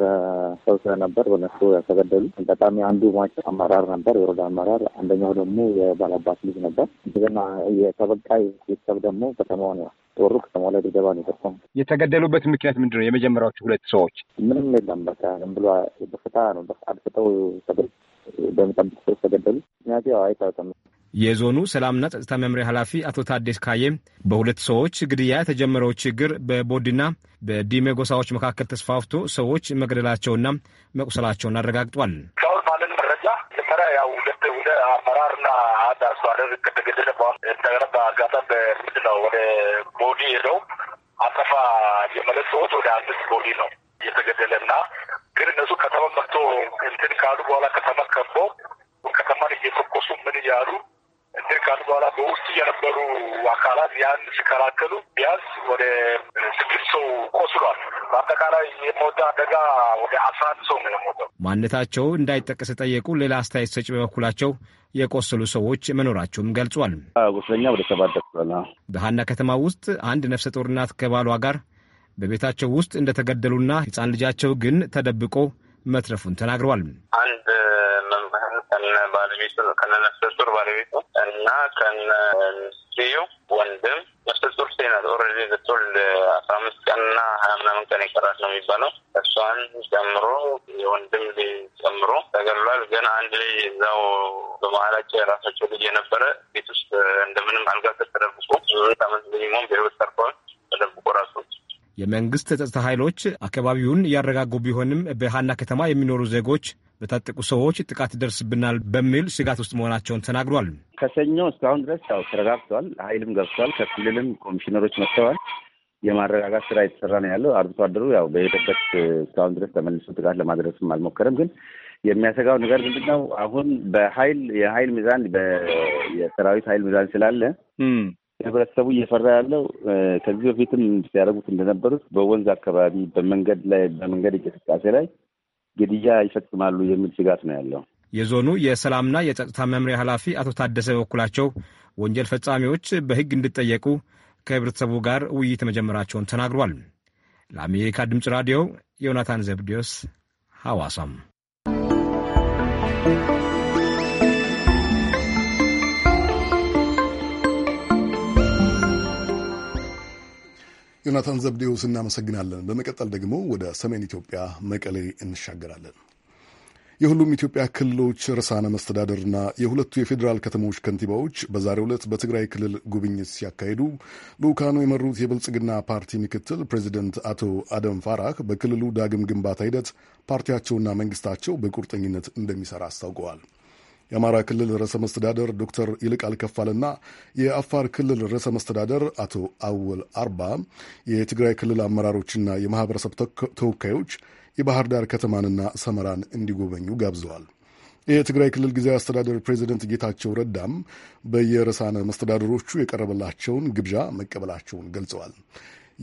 ሰው ስለነበር በነሱ ያልተገደሉ አጋጣሚ አንዱ ማች አመራር ነበር፣ የወረዳ አመራር፣ አንደኛው ደግሞ የባላባት ልጅ ነበር። እንደገና የተበቃይ ቤተሰብ ደግሞ ከተማው ነው ጦሩ ከተማ ላይ ድብደባ ነው የፈጸሙ። የተገደሉበት ምክንያት ምንድን ነው? የመጀመሪያዎቹ ሁለት ሰዎች ምንም የለም። በቃ ዝም ብሎ በፍታ ነው አድፍጠው በሚጠብቅ ሰው ተገደሉ። ምክንያቱ ያው አይታወቅም። የዞኑ ሰላምና ጸጥታ መምሪያ ኃላፊ አቶ ታዴስ ካዬ በሁለት ሰዎች ግድያ የተጀመረው ችግር በቦዲና በዲሜ ጎሳዎች መካከል ተስፋፍቶ ሰዎች መገደላቸውና መቁሰላቸውን አረጋግጧል። እስካሁን ባለን መረጃ መጀመሪያ ያው ሁለት ወደ አመራርና አንድ አርሶ አደር ከተገደለ በኋላ እንደገና በአጋጣሚ በምንድን ነው ወደ ቦዲ ሄደው አጠፋ የመለስ ሰዎች ወደ አምስት ቦዲ ነው እየተገደለና ግን እነሱ ከተማ መጥቶ እንትን ካሉ በኋላ ከተማ ከቦ ከተማን እየተኮሱ ምን እያሉ እንደ ካሉ በኋላ በውስጥ የነበሩ አካላት ያን ሲከላከሉ ቢያንስ ወደ ስድስት ሰው ቆስሏል። በአጠቃላይ የሞተ አደጋ ወደ አስራ አንድ ሰው ነው የሞተው። ማንነታቸው እንዳይጠቀስ የጠየቁ ሌላ አስተያየት ሰጭ በበኩላቸው የቆሰሉ ሰዎች መኖራቸውም ገልጿል። ቁስለኛ ወደ ሰባት ደርሷል። በሀና ከተማ ውስጥ አንድ ነፍሰ ጡር እናት ከባሏ ጋር በቤታቸው ውስጥ እንደተገደሉና ሕፃን ልጃቸው ግን ተደብቆ መትረፉን ተናግረዋል። አንድ ከነ ባለቤቱ ከነ ነፍሰ ጡር ባለቤቱ እና ከነ ሚስትየው ወንድም ነፍሰ ጡር ሴናት ኦልሬዲ ልትወልድ አስራ አምስት ቀንና ሀያ ምናምን ቀን የቀራት ነው የሚባለው። እሷን ጨምሮ የወንድም ልጅ ጨምሮ ተገሏል። ግን አንድ ልጅ እዛው በመሀላቸው የራሳቸው ልጅ የነበረ ቤት ውስጥ እንደምንም አልጋ ተደብቆ ብዙ ዓመት ሚኒሞም በህይወት ተርፈዋል። ተደብቆ ራሱ የመንግስት ጸጥታ ኃይሎች አካባቢውን እያረጋጉ ቢሆንም በሀና ከተማ የሚኖሩ ዜጎች በታጠቁ ሰዎች ጥቃት ይደርስብናል በሚል ስጋት ውስጥ መሆናቸውን ተናግሯል። ከሰኞ እስካሁን ድረስ ያው ተረጋግቷል። ኃይልም ገብቷል። ከክልልም ኮሚሽነሮች መጥተዋል። የማረጋጋት ስራ የተሰራ ነው ያለው። አርብቶ አደሩ ያው በሄደበት እስካሁን ድረስ ተመልሶ ጥቃት ለማድረስም አልሞከረም። ግን የሚያሰጋው ነገር ምንድን ነው? አሁን በኃይል የኃይል ሚዛን የሰራዊት ኃይል ሚዛን ስላለ ህብረተሰቡ እየፈራ ያለው ከዚህ በፊትም ሲያደርጉት እንደነበሩት በወንዝ አካባቢ በመንገድ ላይ በመንገድ እንቅስቃሴ ላይ ግድያ ይፈጽማሉ የሚል ስጋት ነው ያለው። የዞኑ የሰላምና የጸጥታ መምሪያ ኃላፊ አቶ ታደሰ በበኩላቸው ወንጀል ፈጻሚዎች በሕግ እንዲጠየቁ ከህብረተሰቡ ጋር ውይይት መጀመራቸውን ተናግሯል። ለአሜሪካ ድምፅ ራዲዮ ዮናታን ዘብዲዮስ ሐዋሳም ዮናታን ዘብዴዎስ እናመሰግናለን። በመቀጠል ደግሞ ወደ ሰሜን ኢትዮጵያ መቀሌ እንሻገራለን። የሁሉም ኢትዮጵያ ክልሎች ርዕሳነ መስተዳደርና የሁለቱ የፌዴራል ከተሞች ከንቲባዎች በዛሬው ዕለት በትግራይ ክልል ጉብኝት ሲያካሂዱ ልዑካኑ የመሩት የብልጽግና ፓርቲ ምክትል ፕሬዚደንት አቶ አደም ፋራህ በክልሉ ዳግም ግንባታ ሂደት ፓርቲያቸውና መንግስታቸው በቁርጠኝነት እንደሚሰራ አስታውቀዋል። የአማራ ክልል ርዕሰ መስተዳደር ዶክተር ይልቃል ከፋልና የአፋር ክልል ርዕሰ መስተዳደር አቶ አወል አርባ፣ የትግራይ ክልል አመራሮችና የማህበረሰብ ተወካዮች የባህር ዳር ከተማንና ሰመራን እንዲጎበኙ ጋብዘዋል። የትግራይ ክልል ጊዜያዊ አስተዳደር ፕሬዚደንት ጌታቸው ረዳም በየርዕሳነ መስተዳደሮቹ የቀረበላቸውን ግብዣ መቀበላቸውን ገልጸዋል።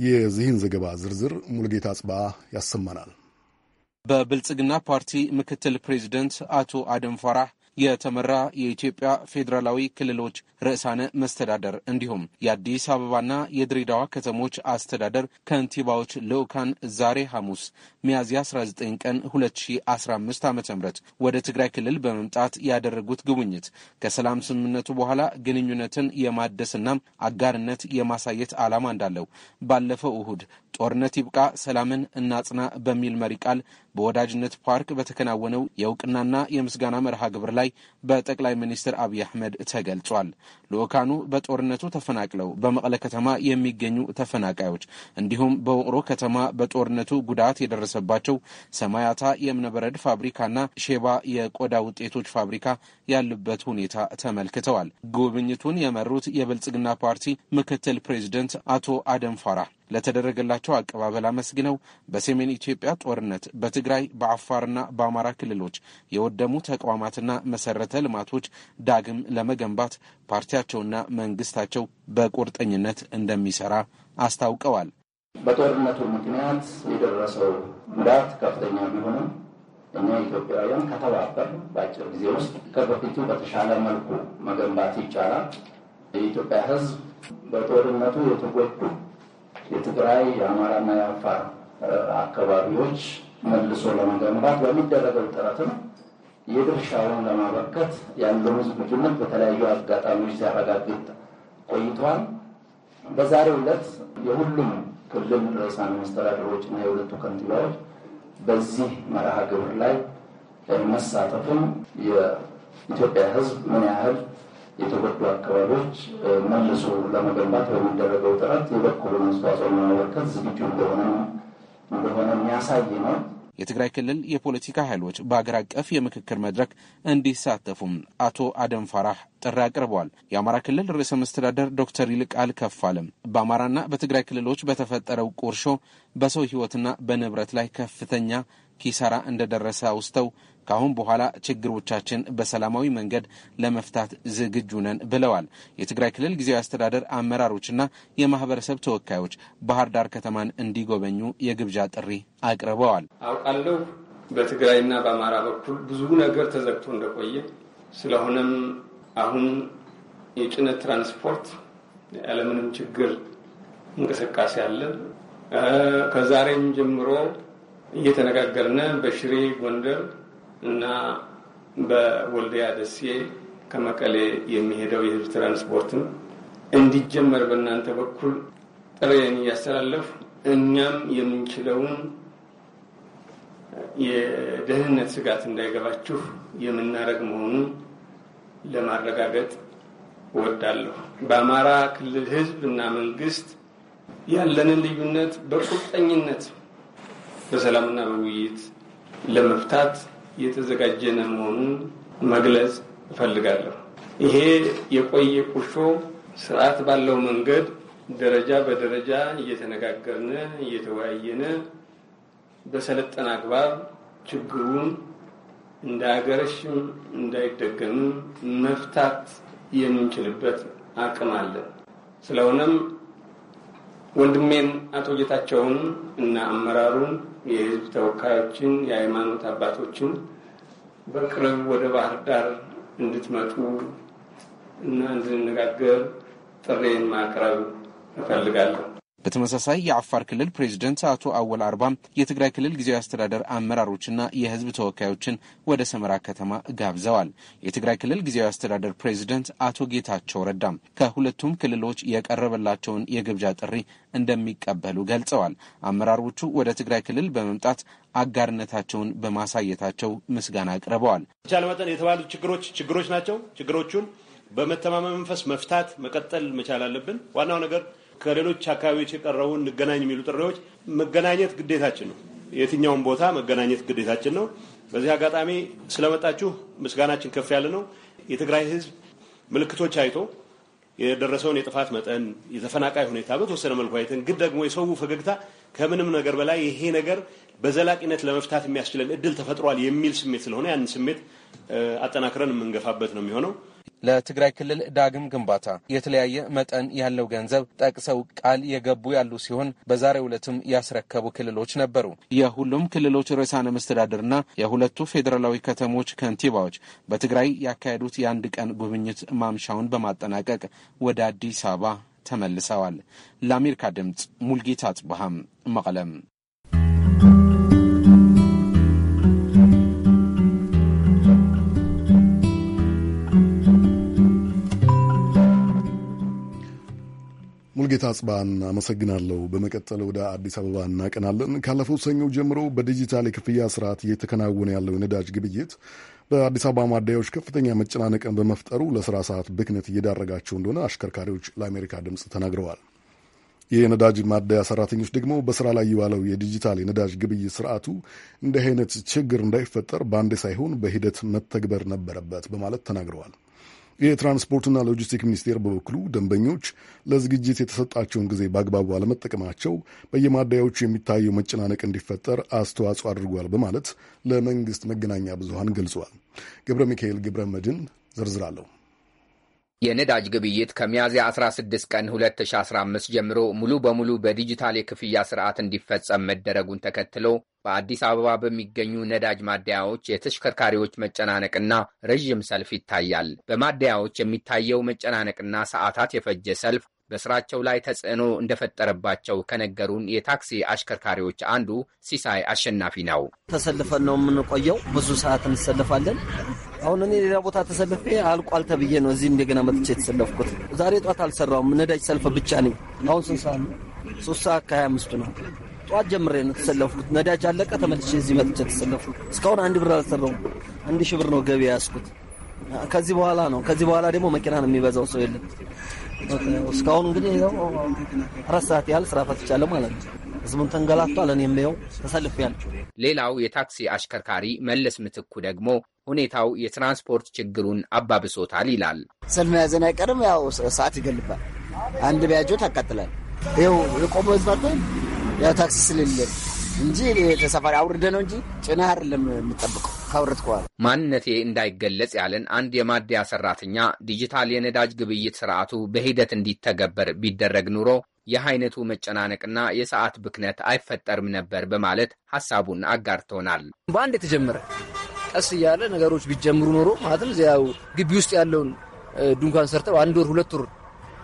የዚህን ዘገባ ዝርዝር ሙልጌታ ጽባ ያሰማናል። በብልጽግና ፓርቲ ምክትል ፕሬዚደንት አቶ አደም ፋራህ የተመራ የኢትዮጵያ ፌዴራላዊ ክልሎች ርዕሳነ መስተዳደር እንዲሁም የአዲስ አበባና የድሬዳዋ ከተሞች አስተዳደር ከንቲባዎች ልዑካን ዛሬ ሐሙስ ሚያዝያ 19 ቀን 2015 ዓ ም ወደ ትግራይ ክልል በመምጣት ያደረጉት ጉብኝት ከሰላም ስምምነቱ በኋላ ግንኙነትን የማደስና አጋርነት የማሳየት ዓላማ እንዳለው ባለፈው እሁድ ጦርነት ይብቃ ሰላምን እናጽና በሚል መሪ ቃል በወዳጅነት ፓርክ በተከናወነው የእውቅናና የምስጋና መርሃ ግብር ላይ ላይ በጠቅላይ ሚኒስትር አብይ አህመድ ተገልጿል። ልኡካኑ በጦርነቱ ተፈናቅለው በመቀለ ከተማ የሚገኙ ተፈናቃዮች እንዲሁም በውቅሮ ከተማ በጦርነቱ ጉዳት የደረሰባቸው ሰማያታ የእብነበረድ ፋብሪካና ሼባ የቆዳ ውጤቶች ፋብሪካ ያሉበት ሁኔታ ተመልክተዋል። ጉብኝቱን የመሩት የብልጽግና ፓርቲ ምክትል ፕሬዚደንት አቶ አደም ፋራህ ለተደረገላቸው አቀባበል አመስግነው በሰሜን ኢትዮጵያ ጦርነት በትግራይ በአፋርና በአማራ ክልሎች የወደሙ ተቋማትና መሰረተ ልማቶች ዳግም ለመገንባት ፓርቲያቸውና መንግስታቸው በቁርጠኝነት እንደሚሰራ አስታውቀዋል። በጦርነቱ ምክንያት የደረሰው ጉዳት ከፍተኛ ቢሆንም እኛ ኢትዮጵያውያን ከተባበር በአጭር ጊዜ ውስጥ ከበፊቱ በተሻለ መልኩ መገንባት ይቻላል። የኢትዮጵያ ሕዝብ በጦርነቱ የተጎዱ የትግራይ የአማራና የአፋር አካባቢዎች መልሶ ለመገንባት በሚደረገው ጥረትም የድርሻውን ለማበርከት ያለውን ዝግጁነት በተለያዩ አጋጣሚዎች ሲያረጋግጥ ቆይተዋል። በዛሬው ዕለት የሁሉም ክልል ርዕሳነ መስተዳድሮች እና የሁለቱ ከንቲባዎች በዚህ መርሃ ግብር ላይ መሳተፍም የኢትዮጵያ ሕዝብ ምን ያህል የተጎዱ አካባቢዎች መልሶ ለመገንባት በሚደረገው ጥረት የበኩሉን አስተዋጽኦ ለማበርከት ዝግጁ እንደሆነ እንደሆነ የሚያሳይ ነው። የትግራይ ክልል የፖለቲካ ኃይሎች በአገር አቀፍ የምክክር መድረክ እንዲሳተፉም አቶ አደም ፋራህ ጥሪ አቅርበዋል። የአማራ ክልል ርዕሰ መስተዳደር ዶክተር ይልቃል ከፋለም በአማራና በትግራይ ክልሎች በተፈጠረው ቁርሾ በሰው ሕይወትና በንብረት ላይ ከፍተኛ ኪሳራ እንደደረሰ አውስተው ከአሁን በኋላ ችግሮቻችን በሰላማዊ መንገድ ለመፍታት ዝግጁ ነን ብለዋል። የትግራይ ክልል ጊዜያዊ አስተዳደር አመራሮችና የማህበረሰብ ተወካዮች ባህር ዳር ከተማን እንዲጎበኙ የግብዣ ጥሪ አቅርበዋል። አውቃለሁ በትግራይና በአማራ በኩል ብዙ ነገር ተዘግቶ እንደቆየ ስለሆነም አሁን የጭነት ትራንስፖርት ያለምንም ችግር እንቅስቃሴ አለ። ከዛሬም ጀምሮ እየተነጋገርን በሽሬ ጎንደር እና በወልዲያ ደሴ ከመቀሌ የሚሄደው የህዝብ ትራንስፖርትም እንዲጀመር በእናንተ በኩል ጥሬን እያስተላለፉ እኛም የምንችለውን የደህንነት ስጋት እንዳይገባችሁ የምናደርግ መሆኑን ለማረጋገጥ እወዳለሁ። በአማራ ክልል ህዝብ እና መንግስት ያለንን ልዩነት በቁርጠኝነት በሰላምና በውይይት ለመፍታት የተዘጋጀነ መሆኑን መግለጽ እፈልጋለሁ። ይሄ የቆየ ቁርሾ ስርዓት ባለው መንገድ ደረጃ በደረጃ እየተነጋገርነ እየተወያየነ በሰለጠነ አግባብ ችግሩን እንዳያገረሽም እንዳይደገምም መፍታት የምንችልበት አቅም አለ። ስለሆነም ወንድሜን አቶ ጌታቸውን እና አመራሩን የህዝብ ተወካዮችን፣ የሃይማኖት አባቶችን በቅርብ ወደ ባህር ዳር እንድትመጡ እና እንድንነጋገር ጥሬን ማቅረብ እፈልጋለሁ። በተመሳሳይ የአፋር ክልል ፕሬዚደንት አቶ አወል አርባም የትግራይ ክልል ጊዜያዊ አስተዳደር አመራሮችና የህዝብ ተወካዮችን ወደ ሰመራ ከተማ ጋብዘዋል። የትግራይ ክልል ጊዜያዊ አስተዳደር ፕሬዚደንት አቶ ጌታቸው ረዳም ከሁለቱም ክልሎች የቀረበላቸውን የግብዣ ጥሪ እንደሚቀበሉ ገልጸዋል። አመራሮቹ ወደ ትግራይ ክልል በመምጣት አጋርነታቸውን በማሳየታቸው ምስጋና አቅርበዋል። ቻለ መጠን የተባሉት ችግሮች ችግሮች ናቸው። ችግሮቹን በመተማመን መንፈስ መፍታት መቀጠል መቻል አለብን። ዋናው ነገር ከሌሎች አካባቢዎች የቀረቡ እንገናኝ የሚሉ ጥሪዎች መገናኘት ግዴታችን ነው። የትኛውን ቦታ መገናኘት ግዴታችን ነው። በዚህ አጋጣሚ ስለመጣችሁ ምስጋናችን ከፍ ያለ ነው። የትግራይ ህዝብ ምልክቶች አይቶ የደረሰውን የጥፋት መጠን የተፈናቃይ ሁኔታ በተወሰነ መልኩ አይተን፣ ግን ደግሞ የሰው ፈገግታ ከምንም ነገር በላይ ይሄ ነገር በዘላቂነት ለመፍታት የሚያስችለን እድል ተፈጥሯል የሚል ስሜት ስለሆነ ያንን ስሜት አጠናክረን የምንገፋበት ነው የሚሆነው። ለትግራይ ክልል ዳግም ግንባታ የተለያየ መጠን ያለው ገንዘብ ጠቅሰው ቃል የገቡ ያሉ ሲሆን በዛሬው ዕለትም ያስረከቡ ክልሎች ነበሩ። የሁሉም ክልሎች ርዕሳነ መስተዳድርና የሁለቱ ፌዴራላዊ ከተሞች ከንቲባዎች በትግራይ ያካሄዱት የአንድ ቀን ጉብኝት ማምሻውን በማጠናቀቅ ወደ አዲስ አበባ ተመልሰዋል። ለአሜሪካ ድምፅ ሙልጌታ አጽብሃም መቀለም ሙልጌታ አጽባን አመሰግናለሁ። በመቀጠል ወደ አዲስ አበባ እናቀናለን። ካለፈው ሰኞ ጀምሮ በዲጂታል የክፍያ ስርዓት እየተከናወነ ያለው የነዳጅ ግብይት በአዲስ አበባ ማደያዎች ከፍተኛ መጨናነቅን በመፍጠሩ ለስራ ሰዓት ብክነት እየዳረጋቸው እንደሆነ አሽከርካሪዎች ለአሜሪካ ድምፅ ተናግረዋል። የነዳጅ ማደያ ሰራተኞች ደግሞ በስራ ላይ የዋለው የዲጂታል የነዳጅ ግብይት ስርዓቱ እንዲህ አይነት ችግር እንዳይፈጠር በአንዴ ሳይሆን በሂደት መተግበር ነበረበት በማለት ተናግረዋል። የትራንስፖርትና ሎጂስቲክ ሚኒስቴር በበኩሉ ደንበኞች ለዝግጅት የተሰጣቸውን ጊዜ በአግባቡ አለመጠቀማቸው በየማደያዎቹ የሚታየው መጨናነቅ እንዲፈጠር አስተዋጽኦ አድርጓል በማለት ለመንግስት መገናኛ ብዙሃን ገልጿል። ገብረ ሚካኤል ገብረ መድን ዝርዝራለሁ የነዳጅ ግብይት ከሚያዝያ 16 ቀን 2015 ጀምሮ ሙሉ በሙሉ በዲጂታል የክፍያ ስርዓት እንዲፈጸም መደረጉን ተከትሎ በአዲስ አበባ በሚገኙ ነዳጅ ማደያዎች የተሽከርካሪዎች መጨናነቅና ረዥም ሰልፍ ይታያል። በማደያዎች የሚታየው መጨናነቅና ሰዓታት የፈጀ ሰልፍ በስራቸው ላይ ተጽዕኖ እንደፈጠረባቸው ከነገሩን የታክሲ አሽከርካሪዎች አንዱ ሲሳይ አሸናፊ ነው። ተሰልፈን ነው የምንቆየው። ብዙ ሰዓት እንሰልፋለን። አሁን እኔ ሌላ ቦታ ተሰልፌ አልቋል ተብዬ ነው እዚህ እንደገና መጥቼ የተሰለፍኩት። ዛሬ ጧት አልሰራውም። ነዳጅ ሰልፍ ብቻ ነኝ። አሁን ስንት ሰዓት ነው? ሶስት ሰዓት ከሀያ አምስቱ ነው። ጠዋት ጀምሬ ነው የተሰለፍኩት። ነዳጅ አለቀ። ተመልሼ እዚህ መጥቼ የተሰለፍኩት። እስካሁን አንድ ብር አልሰራውም። አንድ ሺህ ብር ነው ገቢ ያስኩት። ከዚህ በኋላ ነው ከዚህ በኋላ ደግሞ መኪና ነው የሚበዛው ሰው የለም። እስካሁን እንግዲህ ያው አራት ሰዓት ያህል ስራ ፈትቻለሁ ማለት ነው። ህዝቡን ተንገላቷል። እኔም ያው ተሰልፌያለሁ። ሌላው የታክሲ አሽከርካሪ መለስ ምትኩ ደግሞ ሁኔታው የትራንስፖርት ችግሩን አባብሶታል ይላል። ሰልፍ መያዘን አይቀርም። ያው ሰዓት ይገልባል። አንድ ቢያጆ ታቃጥላል። ይው የቆመ ህዝብ ያው ታክሲ ስለሌለ እንጂ ተሳፋሪ አውርደ ነው እንጂ ጭነህ አይደለም የምጠብቀው። ከውርት ከኋላ ማንነቴ እንዳይገለጽ ያለን አንድ የማደያ ሰራተኛ ዲጂታል የነዳጅ ግብይት ስርዓቱ በሂደት እንዲተገበር ቢደረግ ኑሮ ይህ መጨናነቅና የሰዓት ብክነት አይፈጠርም ነበር በማለት ሀሳቡን አጋርቶናል። በአንድ የተጀመረ ቀስ እያለ ነገሮች ቢጀምሩ ኖሮ ማለትም ያው ግቢ ውስጥ ያለውን ድንኳን ሰርተው አንድ ወር ሁለት ወር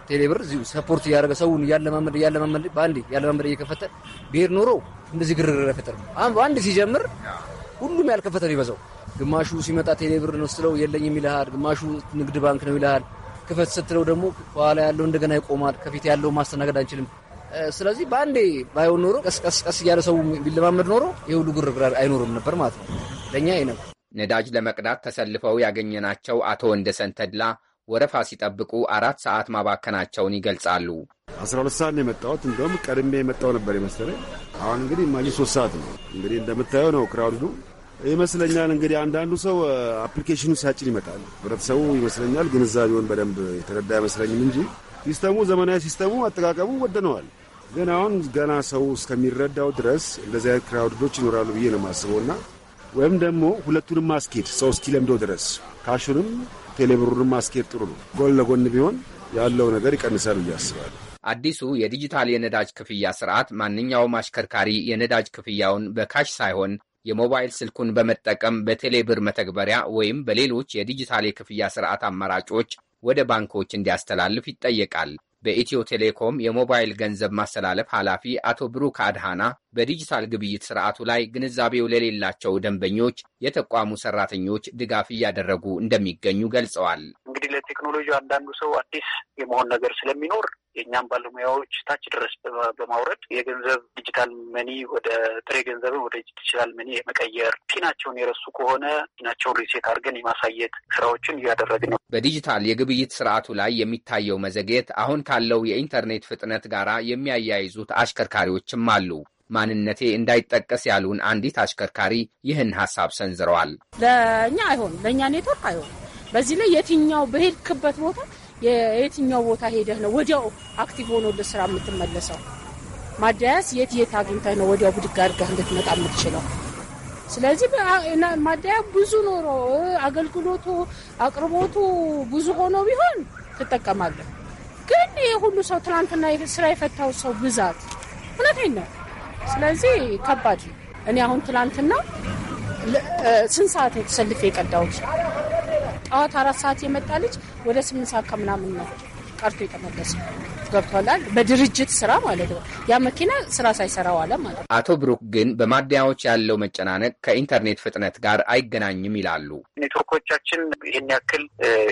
ቴሌብር እዚሁ ሰፖርት እያደረገ ሰውን እያለማመድ እያለማመድ በአንዴ እያለማመድ እየከፈተ ብሄድ ኖሮ እንደዚህ ግርግር አይፈጠርም። አንድ ሲጀምር ሁሉም ያልከፈተ ነው ይበዛው። ግማሹ ሲመጣ ቴሌብር ነው ስለው የለኝ ይልሃል። ግማሹ ንግድ ባንክ ነው ይልሃል። ክፈት ስትለው ደግሞ በኋላ ያለው እንደገና ይቆማል። ከፊት ያለው ማስተናገድ አንችልም። ስለዚህ በአንዴ ባይሆን ኖሮ ቀስቀስቀስ እያለ ሰው ቢለማመድ ኖሮ ይህ ሁሉ ግርግር አይኖርም ነበር ማለት ነው። ለእኛ ይህ ነዳጅ ለመቅዳት ተሰልፈው ያገኘናቸው አቶ ወንደሰን ተድላ ወረፋ ሲጠብቁ አራት ሰዓት ማባከናቸውን ይገልጻሉ። አስራ ሁለት ሰዓት ነው የመጣሁት። እንደውም ቀድሜ የመጣው ነበር የመሰለኝ። አሁን እንግዲህ ማጂ ሶስት ሰዓት ነው። እንግዲህ እንደምታየው ነው ክራውዱ ይመስለኛል። እንግዲህ አንዳንዱ ሰው አፕሊኬሽኑ ሲያጭን ይመጣል። ህብረተሰቡ ይመስለኛል ግንዛቤውን በደንብ የተረዳ አይመስለኝም እንጂ ሲስተሙ ዘመናዊ ሲስተሙ አጠቃቀሙ ወደነዋል። ግን አሁን ገና ሰው እስከሚረዳው ድረስ እንደዚህ አይነት ክራውዶች ይኖራሉ ብዬ ነው የማስበው እና ወይም ደግሞ ሁለቱንም ማስኬድ ሰው እስኪለምደው ድረስ ካሹንም ቴሌብሩን ማስኬድ ጥሩ ነው። ጎን ለጎን ቢሆን ያለው ነገር ይቀንሳል ብዬ አስባለሁ። አዲሱ የዲጂታል የነዳጅ ክፍያ ስርዓት ማንኛውም አሽከርካሪ የነዳጅ ክፍያውን በካሽ ሳይሆን የሞባይል ስልኩን በመጠቀም በቴሌብር መተግበሪያ ወይም በሌሎች የዲጂታል የክፍያ ስርዓት አማራጮች ወደ ባንኮች እንዲያስተላልፍ ይጠየቃል። በኢትዮ ቴሌኮም የሞባይል ገንዘብ ማስተላለፍ ኃላፊ አቶ ብሩክ አድሃና በዲጂታል ግብይት ስርዓቱ ላይ ግንዛቤው ለሌላቸው ደንበኞች የተቋሙ ሰራተኞች ድጋፍ እያደረጉ እንደሚገኙ ገልጸዋል። እንግዲህ ለቴክኖሎጂ አንዳንዱ ሰው አዲስ የመሆን ነገር ስለሚኖር የእኛም ባለሙያዎች ታች ድረስ በማውረድ የገንዘብ ዲጂታል መኒ ወደ ጥሬ ገንዘብን ወደ ዲጂታል መኒ የመቀየር ፒናቸውን የረሱ ከሆነ ፒናቸውን ሪሴት አድርገን የማሳየት ስራዎችን እያደረግ ነው። በዲጂታል የግብይት ስርዓቱ ላይ የሚታየው መዘግየት አሁን ካለው የኢንተርኔት ፍጥነት ጋራ የሚያያይዙት አሽከርካሪዎችም አሉ። ማንነቴ እንዳይጠቀስ ያሉን አንዲት አሽከርካሪ ይህን ሀሳብ ሰንዝረዋል። ለእኛ አይሆን፣ ለእኛ ኔትወርክ አይሆን። በዚህ ላይ የትኛው በሄድክበት ቦታ የየትኛው ቦታ ሄደህ ነው ወዲያው አክቲቭ ሆኖ ለስራ የምትመለሰው? ማደያስ የት የት አግኝተህ ነው ወዲያው ብድግ አድርገህ እንድትመጣ የምትችለው? ስለዚህ ማደያ ብዙ ኖሮ አገልግሎቱ አቅርቦቱ ብዙ ሆኖ ቢሆን ትጠቀማለህ። ግን ይህ ሁሉ ሰው ትናንትና ስራ የፈታው ሰው ብዛት እውነት ነው። ስለዚህ ከባድ ነው። እኔ አሁን ትናንትና ስንት ሰዓት ተሰልፌ የቀዳሁት? ጠዋት አራት ሰዓት የመጣ ልጅ ወደ ስምንት ሰዓት ከምናምን ነው ቀርቶ የተመለሰው። ገብቷላል። በድርጅት ስራ ማለት ነው። ያ መኪና ስራ ሳይሰራ ዋለ ማለት ነው። አቶ ብሩክ ግን በማደያዎች ያለው መጨናነቅ ከኢንተርኔት ፍጥነት ጋር አይገናኝም ይላሉ። ኔትወርኮቻችን ይህን ያክል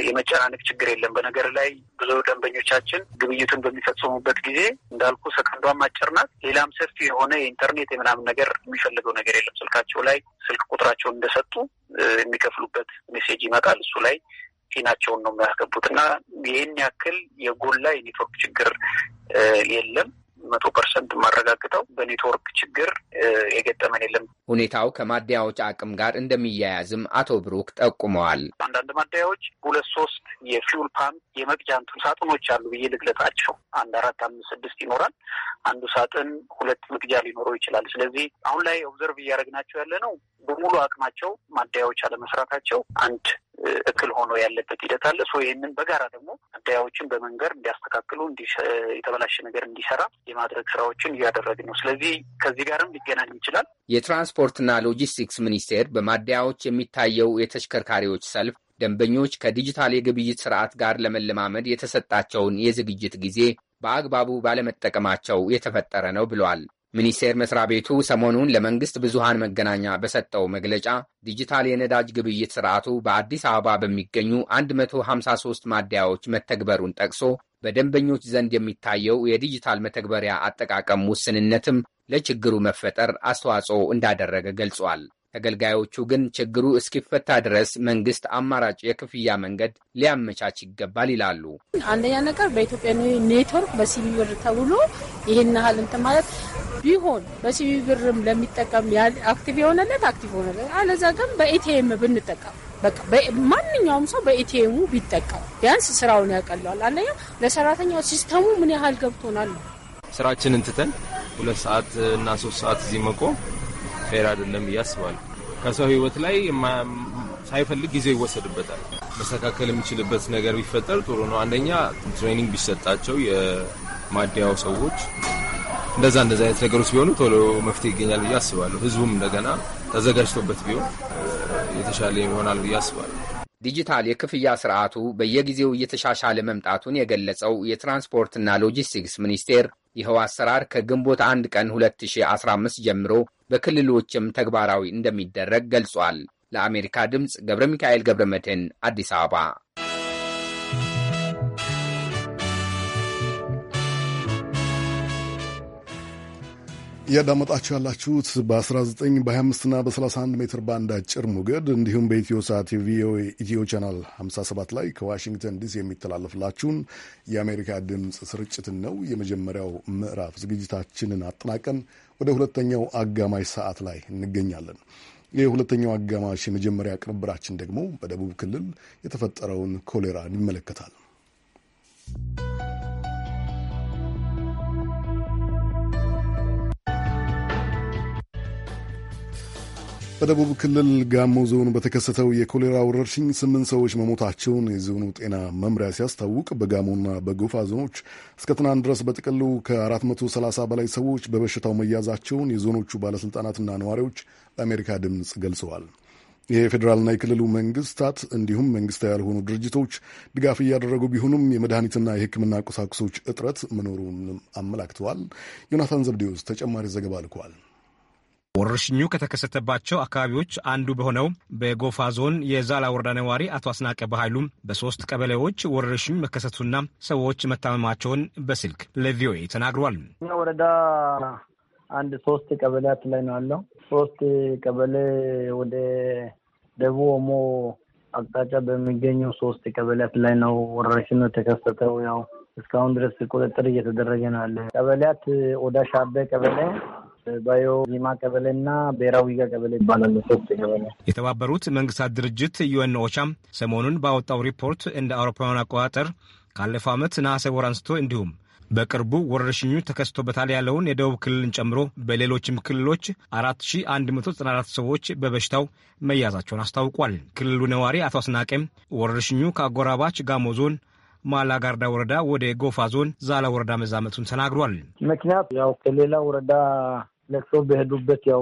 የመጨናነቅ ችግር የለም። በነገር ላይ ብዙ ደንበኞቻችን ግብይቱን በሚፈጽሙበት ጊዜ እንዳልኩ ሰከንዷም አጭር ናት። ሌላም ሰፊ የሆነ የኢንተርኔት የምናምን ነገር የሚፈልገው ነገር የለም። ስልካቸው ላይ ስልክ ቁጥራቸውን እንደሰጡ የሚከፍሉበት ሜሴጅ ይመጣል። እሱ ላይ ፊናቸውን ነው የሚያስገቡት እና ይህን ያክል የጎላ የኔትወርክ ችግር የለም። መቶ ፐርሰንት ማረጋግጠው በኔትወርክ ችግር የገጠመን የለም። ሁኔታው ከማደያዎች አቅም ጋር እንደሚያያዝም አቶ ብሩክ ጠቁመዋል። አንዳንድ ማደያዎች ሁለት ሶስት የፊውል ፓምፕ የመቅጃንቱ ሳጥኖች አሉ ብዬ ልግለጻቸው። አንድ አራት አምስት ስድስት ይኖራል። አንዱ ሳጥን ሁለት መቅጃ ሊኖረው ይችላል። ስለዚህ አሁን ላይ ኦብዘርቭ እያደረግናቸው ያለ ነው በሙሉ አቅማቸው ማደያዎች አለመስራታቸው አንድ እክል ሆኖ ያለበት ሂደት አለ። ሶ ይህንን በጋራ ደግሞ ጉዳዮችን በመንገር እንዲያስተካክሉ የተበላሸ ነገር እንዲሰራ የማድረግ ስራዎችን እያደረግን ነው። ስለዚህ ከዚህ ጋርም ሊገናኝ ይችላል። የትራንስፖርትና ሎጂስቲክስ ሚኒስቴር በማደያዎች የሚታየው የተሽከርካሪዎች ሰልፍ ደንበኞች ከዲጂታል የግብይት ስርዓት ጋር ለመለማመድ የተሰጣቸውን የዝግጅት ጊዜ በአግባቡ ባለመጠቀማቸው የተፈጠረ ነው ብሏል። ሚኒስቴር መስሪያ ቤቱ ሰሞኑን ለመንግስት ብዙሃን መገናኛ በሰጠው መግለጫ ዲጂታል የነዳጅ ግብይት ስርዓቱ በአዲስ አበባ በሚገኙ 153 ማደያዎች መተግበሩን ጠቅሶ በደንበኞች ዘንድ የሚታየው የዲጂታል መተግበሪያ አጠቃቀም ውስንነትም ለችግሩ መፈጠር አስተዋጽኦ እንዳደረገ ገልጿል። ተገልጋዮቹ ግን ችግሩ እስኪፈታ ድረስ መንግስት አማራጭ የክፍያ መንገድ ሊያመቻች ይገባል ይላሉ። አንደኛ ነገር በኢትዮጵያ ኔትወርክ በሲቪ ብር ተብሎ ይህን ያህል እንትን ማለት ቢሆን በሲቪ ብርም ለሚጠቀም አክቲቭ የሆነለት አክቲቭ የሆነለት አለዛ ግን በኤቲኤም ብንጠቀም ማንኛውም ሰው በኤቲኤሙ ቢጠቀም ቢያንስ ስራውን ያቀለዋል። አንደኛ ለሰራተኛው ሲስተሙ ምን ያህል ገብቶናል ነው። ስራችንን ትተን ሁለት ሰዓት እና ሶስት ሰዓት እዚህ መቆም ፌር አይደለም ብዬ አስባለሁ። ከሰው ህይወት ላይ ሳይፈልግ ጊዜ ይወሰድበታል። መስተካከል የሚችልበት ነገር ቢፈጠር ጥሩ ነው። አንደኛ ትሬኒንግ ቢሰጣቸው ማደያው ሰዎች እንደዛ እንደዛ አይነት ነገሮች ቢሆኑ ቶሎ መፍትሄ ይገኛል ብዬ አስባለሁ። ህዝቡም እንደገና ተዘጋጅቶበት ቢሆን የተሻለ ይሆናል ብዬ አስባለሁ። ዲጂታል የክፍያ ስርዓቱ በየጊዜው እየተሻሻለ መምጣቱን የገለጸው የትራንስፖርትና ሎጂስቲክስ ሚኒስቴር ይኸው አሰራር ከግንቦት 1 ቀን 2015 ጀምሮ በክልሎችም ተግባራዊ እንደሚደረግ ገልጿል። ለአሜሪካ ድምፅ ገብረ ሚካኤል ገብረ መድህን አዲስ አበባ እያዳመጣችሁ ያላችሁት በ19 በ25ና በ31 ሜትር ባንድ አጭር ሞገድ እንዲሁም በኢትዮ ሰዓት የቪኦኤ ኢትዮ ቻናል 57 ላይ ከዋሽንግተን ዲሲ የሚተላለፍላችሁን የአሜሪካ ድምፅ ስርጭትን ነው። የመጀመሪያው ምዕራፍ ዝግጅታችንን አጠናቀን ወደ ሁለተኛው አጋማሽ ሰዓት ላይ እንገኛለን። የሁለተኛው አጋማሽ የመጀመሪያ ቅንብራችን ደግሞ በደቡብ ክልል የተፈጠረውን ኮሌራን ይመለከታል። በደቡብ ክልል ጋሞ ዞን በተከሰተው የኮሌራ ወረርሽኝ ስምንት ሰዎች መሞታቸውን የዞኑ ጤና መምሪያ ሲያስታውቅ በጋሞና በጎፋ ዞኖች እስከ ትናንት ድረስ በጥቅሉ ከ430 በላይ ሰዎች በበሽታው መያዛቸውን የዞኖቹ ባለሥልጣናትና ነዋሪዎች ለአሜሪካ ድምፅ ገልጸዋል። የፌዴራልና የክልሉ መንግስታት እንዲሁም መንግስታዊ ያልሆኑ ድርጅቶች ድጋፍ እያደረጉ ቢሆኑም የመድኃኒትና የሕክምና ቁሳቁሶች እጥረት መኖሩንም አመላክተዋል። ዮናታን ዘብዴዎስ ተጨማሪ ዘገባ ልኳል። ወረርሽኙ ከተከሰተባቸው አካባቢዎች አንዱ በሆነው በጎፋ ዞን የዛላ ወረዳ ነዋሪ አቶ አስናቀ በኃይሉ በሶስት ቀበሌዎች ወረርሽኝ መከሰቱና ሰዎች መታመማቸውን በስልክ ለቪኦኤ ተናግሯል። ወረዳ አንድ ሶስት ቀበሌያት ላይ ነው ያለው። ሶስት ቀበሌ ወደ ደቡብ ኦሞ አቅጣጫ በሚገኘው ሶስት ቀበሌያት ላይ ነው ወረርሽኙ የተከሰተው። ያው እስካሁን ድረስ ቁጥጥር እየተደረገ ነው ያለ። ቀበሌያት ወደ ሻቤ ቀበሌ ባዮ ዚማ ቀበሌና ቤራዊጋ ቀበሌ ይባላሉ። ሶስት ቀበሌ የተባበሩት መንግስታት ድርጅት ዩኤን ኦቻ ሰሞኑን ባወጣው ሪፖርት እንደ አውሮፓውያን አቆጣጠር ካለፈው ዓመት ነሐሴ ወር አንስቶ እንዲሁም በቅርቡ ወረርሽኙ ተከስቶበታል ያለውን የደቡብ ክልልን ጨምሮ በሌሎችም ክልሎች 4194 ሰዎች በበሽታው መያዛቸውን አስታውቋል። ክልሉ ነዋሪ አቶ አስናቄም ወረርሽኙ ከአጎራባች ጋሞ ዞን ማላጋርዳ ወረዳ ወደ ጎፋ ዞን ዛላ ወረዳ መዛመቱን ተናግሯል። ምክንያት ያው ከሌላ ወረዳ ለቅሶ በሄዱበት ያው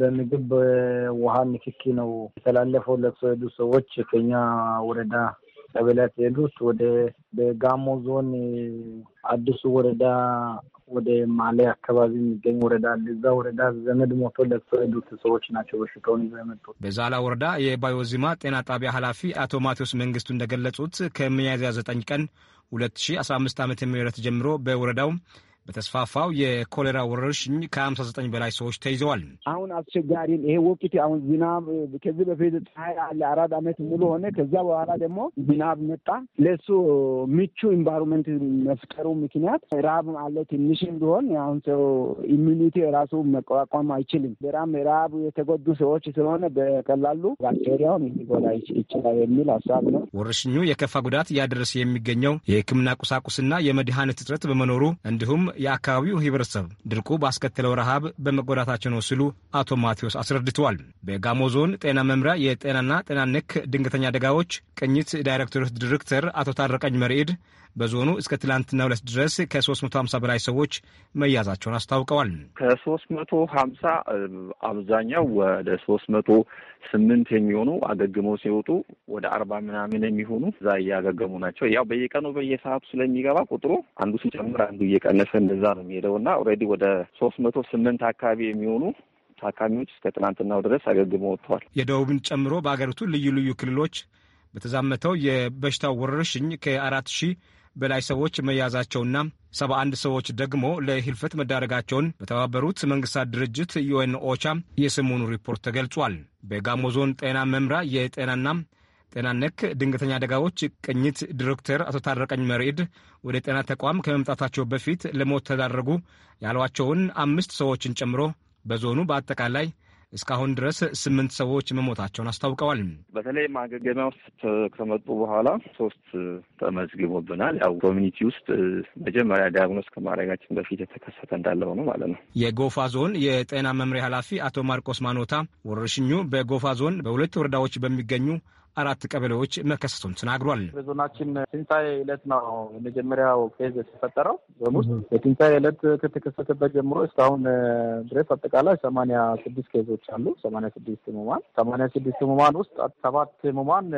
በምግብ በውሃ ንክኪ ነው የተላለፈው። ለቅሶ ሄዱ ሰዎች ከኛ ወረዳ ቀበሌያት ሄዱት ወደ በጋሞ ዞን አዲሱ ወረዳ ወደ ማሌ አካባቢ የሚገኝ ወረዳ አለ። እዛ ወረዳ ዘመድ ሞቶ ለቅሶ ሄዱት ሰዎች ናቸው በሽታውን ይዘው የመጡት። በዛላ ወረዳ የባዮዚማ ጤና ጣቢያ ኃላፊ አቶ ማቴዎስ መንግስቱ እንደገለጹት ከሚያዝያ ዘጠኝ ቀን 2015 ዓ ም ጀምሮ በወረዳው በተስፋፋው የኮሌራ ወረርሽኝ ከ59 በላይ ሰዎች ተይዘዋል። አሁን አስቸጋሪ ይሄ ወቅት አሁን ዝናብ ከዚህ በፊት ፀሐይ አለ አራት ዓመት ሙሉ ሆነ። ከዛ በኋላ ደግሞ ዝናብ መጣ። ለሱ ምቹ ኢንቫይሮንመንት መፍጠሩ ምክንያት ራብ አለ ትንሽ ቢሆን አሁን ሰው ኢሚኒቲ ራሱ መቋቋም አይችልም። በጣም ራብ የተጎዱ ሰዎች ስለሆነ በቀላሉ ባክቴሪያውን ሊጎዳ ይችላል የሚል ሀሳብ ነው። ወረርሽኙ የከፋ ጉዳት እያደረሰ የሚገኘው የሕክምና ቁሳቁስና የመድኃኒት እጥረት በመኖሩ እንዲሁም የአካባቢው ህብረተሰብ ድርቁ ባስከተለው ረሃብ በመጎዳታቸው ነው ሲሉ አቶ ማቴዎስ አስረድተዋል። በጋሞ ዞን ጤና መምሪያ የጤናና ጤና ነክ ድንገተኛ አደጋዎች ቅኝት ዳይሬክቶሬት ዲሬክተር አቶ ታረቀኝ መርኢድ በዞኑ እስከ ትላንትና ሁለት ድረስ ከ350 በላይ ሰዎች መያዛቸውን አስታውቀዋል። ከ350 አብዛኛው ወደ ስምንት የሚሆኑ አገግመው ሲወጡ ወደ አርባ ምናምን የሚሆኑ እዛ እያገገሙ ናቸው። ያው በየቀኑ በየሰዓቱ ስለሚገባ ቁጥሩ አንዱ ሲጨምር አንዱ እየቀነሰ እንደዛ ነው የሚሄደው እና ኦልሬዲ ወደ ስምንት አካባቢ የሚሆኑ ታካሚዎች እስከ ትናንትናው ድረስ አገግመው ወጥተዋል። የደቡብን ጨምሮ በአገሪቱ ልዩ ልዩ ክልሎች በተዛመተው የበሽታው ወረርሽኝ ከአራት ሺህ በላይ ሰዎች መያዛቸውና 71 ሰዎች ደግሞ ለህልፈት መዳረጋቸውን በተባበሩት መንግስታት ድርጅት ዩኤን ኦቻ የሰሞኑ ሪፖርት ተገልጿል። በጋሞ ዞን ጤና መምሪያ የጤናና ጤና ነክ ድንገተኛ አደጋዎች ቅኝት ዲሬክተር አቶ ታረቀኝ መርዕድ ወደ ጤና ተቋም ከመምጣታቸው በፊት ለሞት ተዳረጉ ያሏቸውን አምስት ሰዎችን ጨምሮ በዞኑ በአጠቃላይ እስካሁን ድረስ ስምንት ሰዎች መሞታቸውን አስታውቀዋል። በተለይ ማገገሚያ ውስጥ ከመጡ በኋላ ሶስት ተመዝግቦብናል። ያው ኮሚኒቲ ውስጥ መጀመሪያ ዲያግኖስ ከማድረጋችን በፊት የተከሰተ እንዳለ ሆኖ ማለት ነው። የጎፋ ዞን የጤና መምሪያ ኃላፊ አቶ ማርቆስ ማኖታ ወረርሽኙ በጎፋ ዞን በሁለት ወረዳዎች በሚገኙ አራት ቀበሌዎች መከሰቱን ተናግሯል። በዞናችን ትንሳኤ ዕለት ነው የመጀመሪያው ኬዝ የተፈጠረው። ዞን ውስጥ የትንሣኤ ዕለት ከተከሰተበት ጀምሮ እስካሁን ድረስ አጠቃላይ ሰማንያ ስድስት ኬዞች አሉ። ሰማንያ ስድስት ህሙማን ሰማንያ ስድስት ህሙማን ውስጥ ሰባት ህሙማን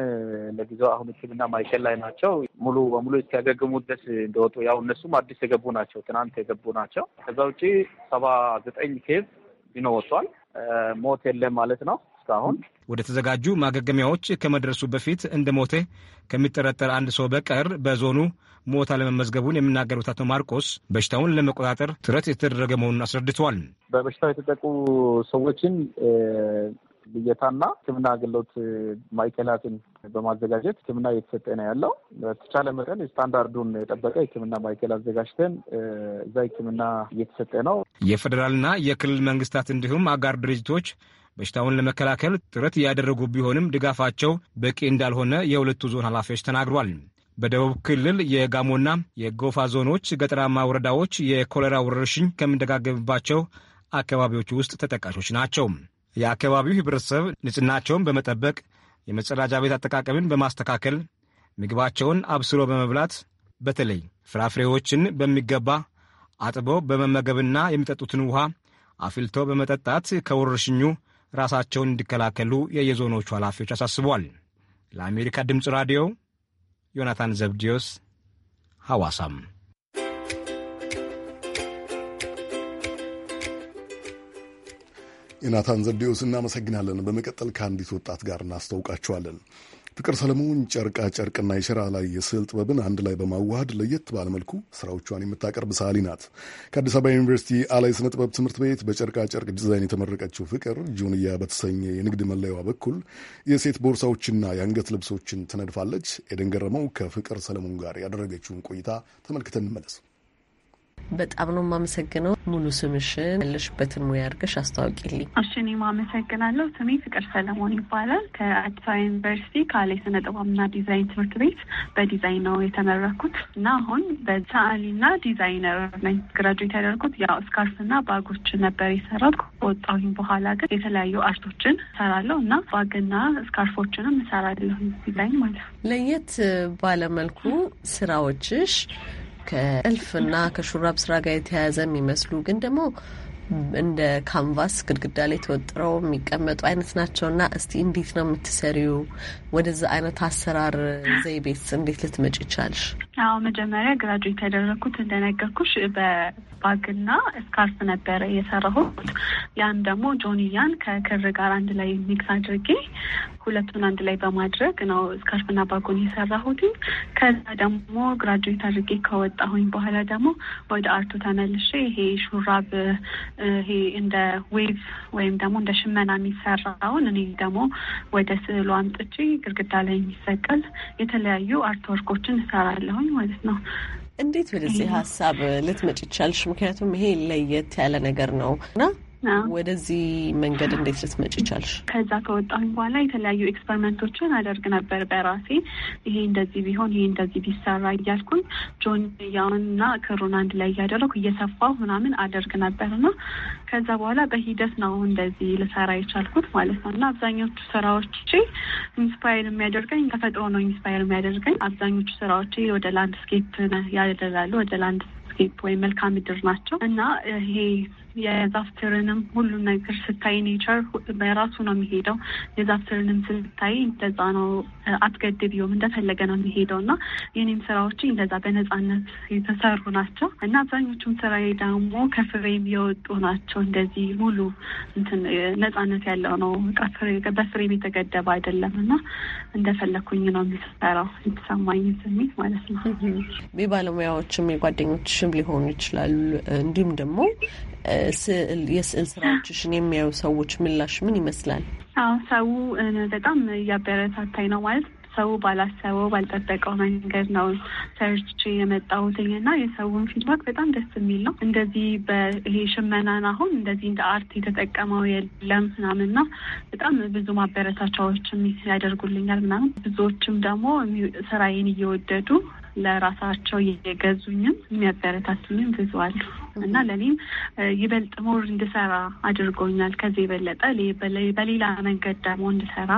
ለጊዜው አሁን ሕክምና ማዕከል ላይ ናቸው። ሙሉ በሙሉ እስኪያገግሙ ድረስ እንደወጡ ያው እነሱም አዲስ የገቡ ናቸው፣ ትናንት የገቡ ናቸው። ከዛ ውጪ ሰባ ዘጠኝ ኬዝ ቢኖ ሞት የለም ማለት ነው። እስካሁን ወደ ተዘጋጁ ማገገሚያዎች ከመድረሱ በፊት እንደ ሞተ ከሚጠረጠር አንድ ሰው በቀር በዞኑ ሞት አለመመዝገቡን የሚናገሩት አቶ ማርቆስ በሽታውን ለመቆጣጠር ጥረት የተደረገ መሆኑን አስረድተዋል። በበሽታው የተጠቁ ሰዎችን ልየታና ሕክምና አገልግሎት ማዕከላትን በማዘጋጀት ሕክምና እየተሰጠ ነው ያለው። በተቻለ መጠን ስታንዳርዱን የጠበቀ ሕክምና ማዕከል አዘጋጅተን እዛ ሕክምና እየተሰጠ ነው። የፌዴራልና የክልል መንግስታት እንዲሁም አጋር ድርጅቶች በሽታውን ለመከላከል ጥረት እያደረጉ ቢሆንም ድጋፋቸው በቂ እንዳልሆነ የሁለቱ ዞን ኃላፊዎች ተናግሯል። በደቡብ ክልል የጋሞና የጎፋ ዞኖች ገጠራማ ወረዳዎች የኮሌራ ወረርሽኝ ከሚደጋገብባቸው አካባቢዎች ውስጥ ተጠቃሾች ናቸው። የአካባቢው ህብረተሰብ ንጽህናቸውን በመጠበቅ የመጸዳጃ ቤት አጠቃቀምን በማስተካከል ምግባቸውን አብስሎ በመብላት በተለይ ፍራፍሬዎችን በሚገባ አጥቦ በመመገብና የሚጠጡትን ውሃ አፍልቶ በመጠጣት ከወረርሽኙ ራሳቸውን እንዲከላከሉ የየዞኖቹ ኃላፊዎች አሳስቧል። ለአሜሪካ ድምፅ ራዲዮ ዮናታን ዘብዲዮስ ሐዋሳም። ዮናታን ዘብዲዮስ እናመሰግናለን። በመቀጠል ከአንዲት ወጣት ጋር እናስታውቃችኋለን። ፍቅር ሰለሞን ጨርቃ ጨርቅና የሸራ ላይ የስዕል ጥበብን አንድ ላይ በማዋሃድ ለየት ባለመልኩ ስራዎቿን የምታቀርብ ሰዓሊ ናት። ከአዲስ አበባ ዩኒቨርሲቲ አላይ ስነ ጥበብ ትምህርት ቤት በጨርቃ ጨርቅ ዲዛይን የተመረቀችው ፍቅር ጆንያ በተሰኘ የንግድ መለያዋ በኩል የሴት ቦርሳዎችና የአንገት ልብሶችን ትነድፋለች። ኤደን ገረመው ከፍቅር ሰለሞን ጋር ያደረገችውን ቆይታ ተመልክተን እንመለስ። በጣም ነው የማመሰግነው። ሙሉ ስምሽን ያለሽበትን ሙያ አድርገሽ አስታውቂልኝ። እሺ፣ እኔም አመሰግናለሁ። ስሜ ፍቅር ሰለሞን ይባላል። ከአዲስ አበባ ዩኒቨርሲቲ ካለ ስነ ጥበብና ዲዛይን ትምህርት ቤት በዲዛይን ነው የተመረኩት እና አሁን በሰዓሊና ዲዛይነር ነኝ። ግራጁዌት ያደርኩት ያው ስካርፍና ባጎች ነበር የሰራት። ከወጣሁኝ በኋላ ግን የተለያዩ አርቶችን እሰራለሁ እና ባግና ስካርፎችንም እሰራለሁ ዲዛይን ማለት ለየት ባለመልኩ ስራዎችሽ ከእልፍና ከሹራብ ስራ ጋር የተያያዘ የሚመስሉ ግን ደግሞ እንደ ካንቫስ ግድግዳ ላይ ተወጥረው የሚቀመጡ አይነት ና እስቲ እንዴት ነው የምትሰሪው? ወደዛ አይነት አሰራር ዘይቤት እንዴት ልትመጭ ይቻልሽ? አዎ መጀመሪያ ግራጁዌት ያደረግኩት እንደነገርኩሽ ባግና ስካርፍ ነበረ የሰራሁት። ያን ደግሞ ጆንያን ከክር ጋር አንድ ላይ ሚክስ አድርጌ ሁለቱን አንድ ላይ በማድረግ ነው ስካርፍና ባጎን የሰራሁት። ከዛ ደግሞ ግራጁዌት አድርጌ ከወጣሁኝ በኋላ ደግሞ ወደ አርቱ ተመልሼ ይሄ ሹራብ ይሄ እንደ ዌቭ ወይም ደግሞ እንደ ሽመና የሚሰራውን እኔ ደግሞ ወደ ስዕሉ አምጥቼ ግርግዳ ላይ የሚሰቀል የተለያዩ አርት ወርኮችን እሰራለሁኝ ማለት ነው። እንዴት ወደዚህ ሀሳብ ልትመጪ ቻልሽ? ምክንያቱም ይሄ ለየት ያለ ነገር ነው እና ወደዚህ መንገድ እንዴት ልትመጭ ቻልሽ? ከዛ ከወጣሁኝ በኋላ የተለያዩ ኤክስፐሪመንቶችን አደርግ ነበር በራሴ ይሄ እንደዚህ ቢሆን ይሄ እንደዚህ ቢሰራ እያልኩኝ ጆን ያውንና ክሩን አንድ ላይ እያደረኩ እየሰፋሁ ምናምን አደርግ ነበር እና ከዛ በኋላ በሂደት ነው እንደዚህ ልሰራ የቻልኩት ማለት ነው እና አብዛኞቹ ስራዎች ኢንስፓየር የሚያደርገኝ ተፈጥሮ ነው። ኢንስፓየር የሚያደርገኝ አብዛኞቹ ስራዎች ወደ ላንድስኬፕ ያደላሉ ወደ ላንድስኬፕ ወይም መልክዓ ምድር ናቸው እና ይሄ የዛፍ ትርንም ሁሉም ነገር ስታይ ኔቸር በራሱ ነው የሚሄደው። የዛፍ ትርንም ስታይ እንደዛ ነው፣ አትገድቢውም፣ እንደፈለገ ነው የሚሄደው እና የኔም ስራዎች እንደዛ በነፃነት የተሰሩ ናቸው እና አብዛኞቹም ስራዬ ደግሞ ከፍሬም የወጡ ናቸው። እንደዚህ ሙሉ ነፃነት ያለው ነው፣ በፍሬም የተገደበ አይደለም እና እንደፈለግኩኝ ነው የሚሰራው የተሰማኝ ስሜት ማለት ነው። የባለሙያዎችም የጓደኞችም ሊሆኑ ይችላሉ እንዲሁም ደግሞ የስዕል ስራዎችሽን የሚያዩ ሰዎች ምላሽ ምን ይመስላል? አዎ ሰው በጣም እያበረታታኝ ነው ማለት ሰው ባላሰበው ባልጠበቀው መንገድ ነው ሰርች የመጣሁትኝ እና የሰውን ፊድባክ በጣም ደስ የሚል ነው። እንደዚህ በይሄ ሽመናን አሁን እንደዚህ እንደ አርት የተጠቀመው የለም ምናምን እና በጣም ብዙ ማበረታቻዎችም ያደርጉልኛል ምናምን ብዙዎችም ደግሞ ስራዬን እየወደዱ ለራሳቸው የገዙኝም የሚያበረታትኝም ብዙ አሉ እና ለእኔም ይበልጥ ሞር እንድሰራ አድርጎኛል። ከዚህ የበለጠ በሌላ መንገድ ደግሞ እንድሰራ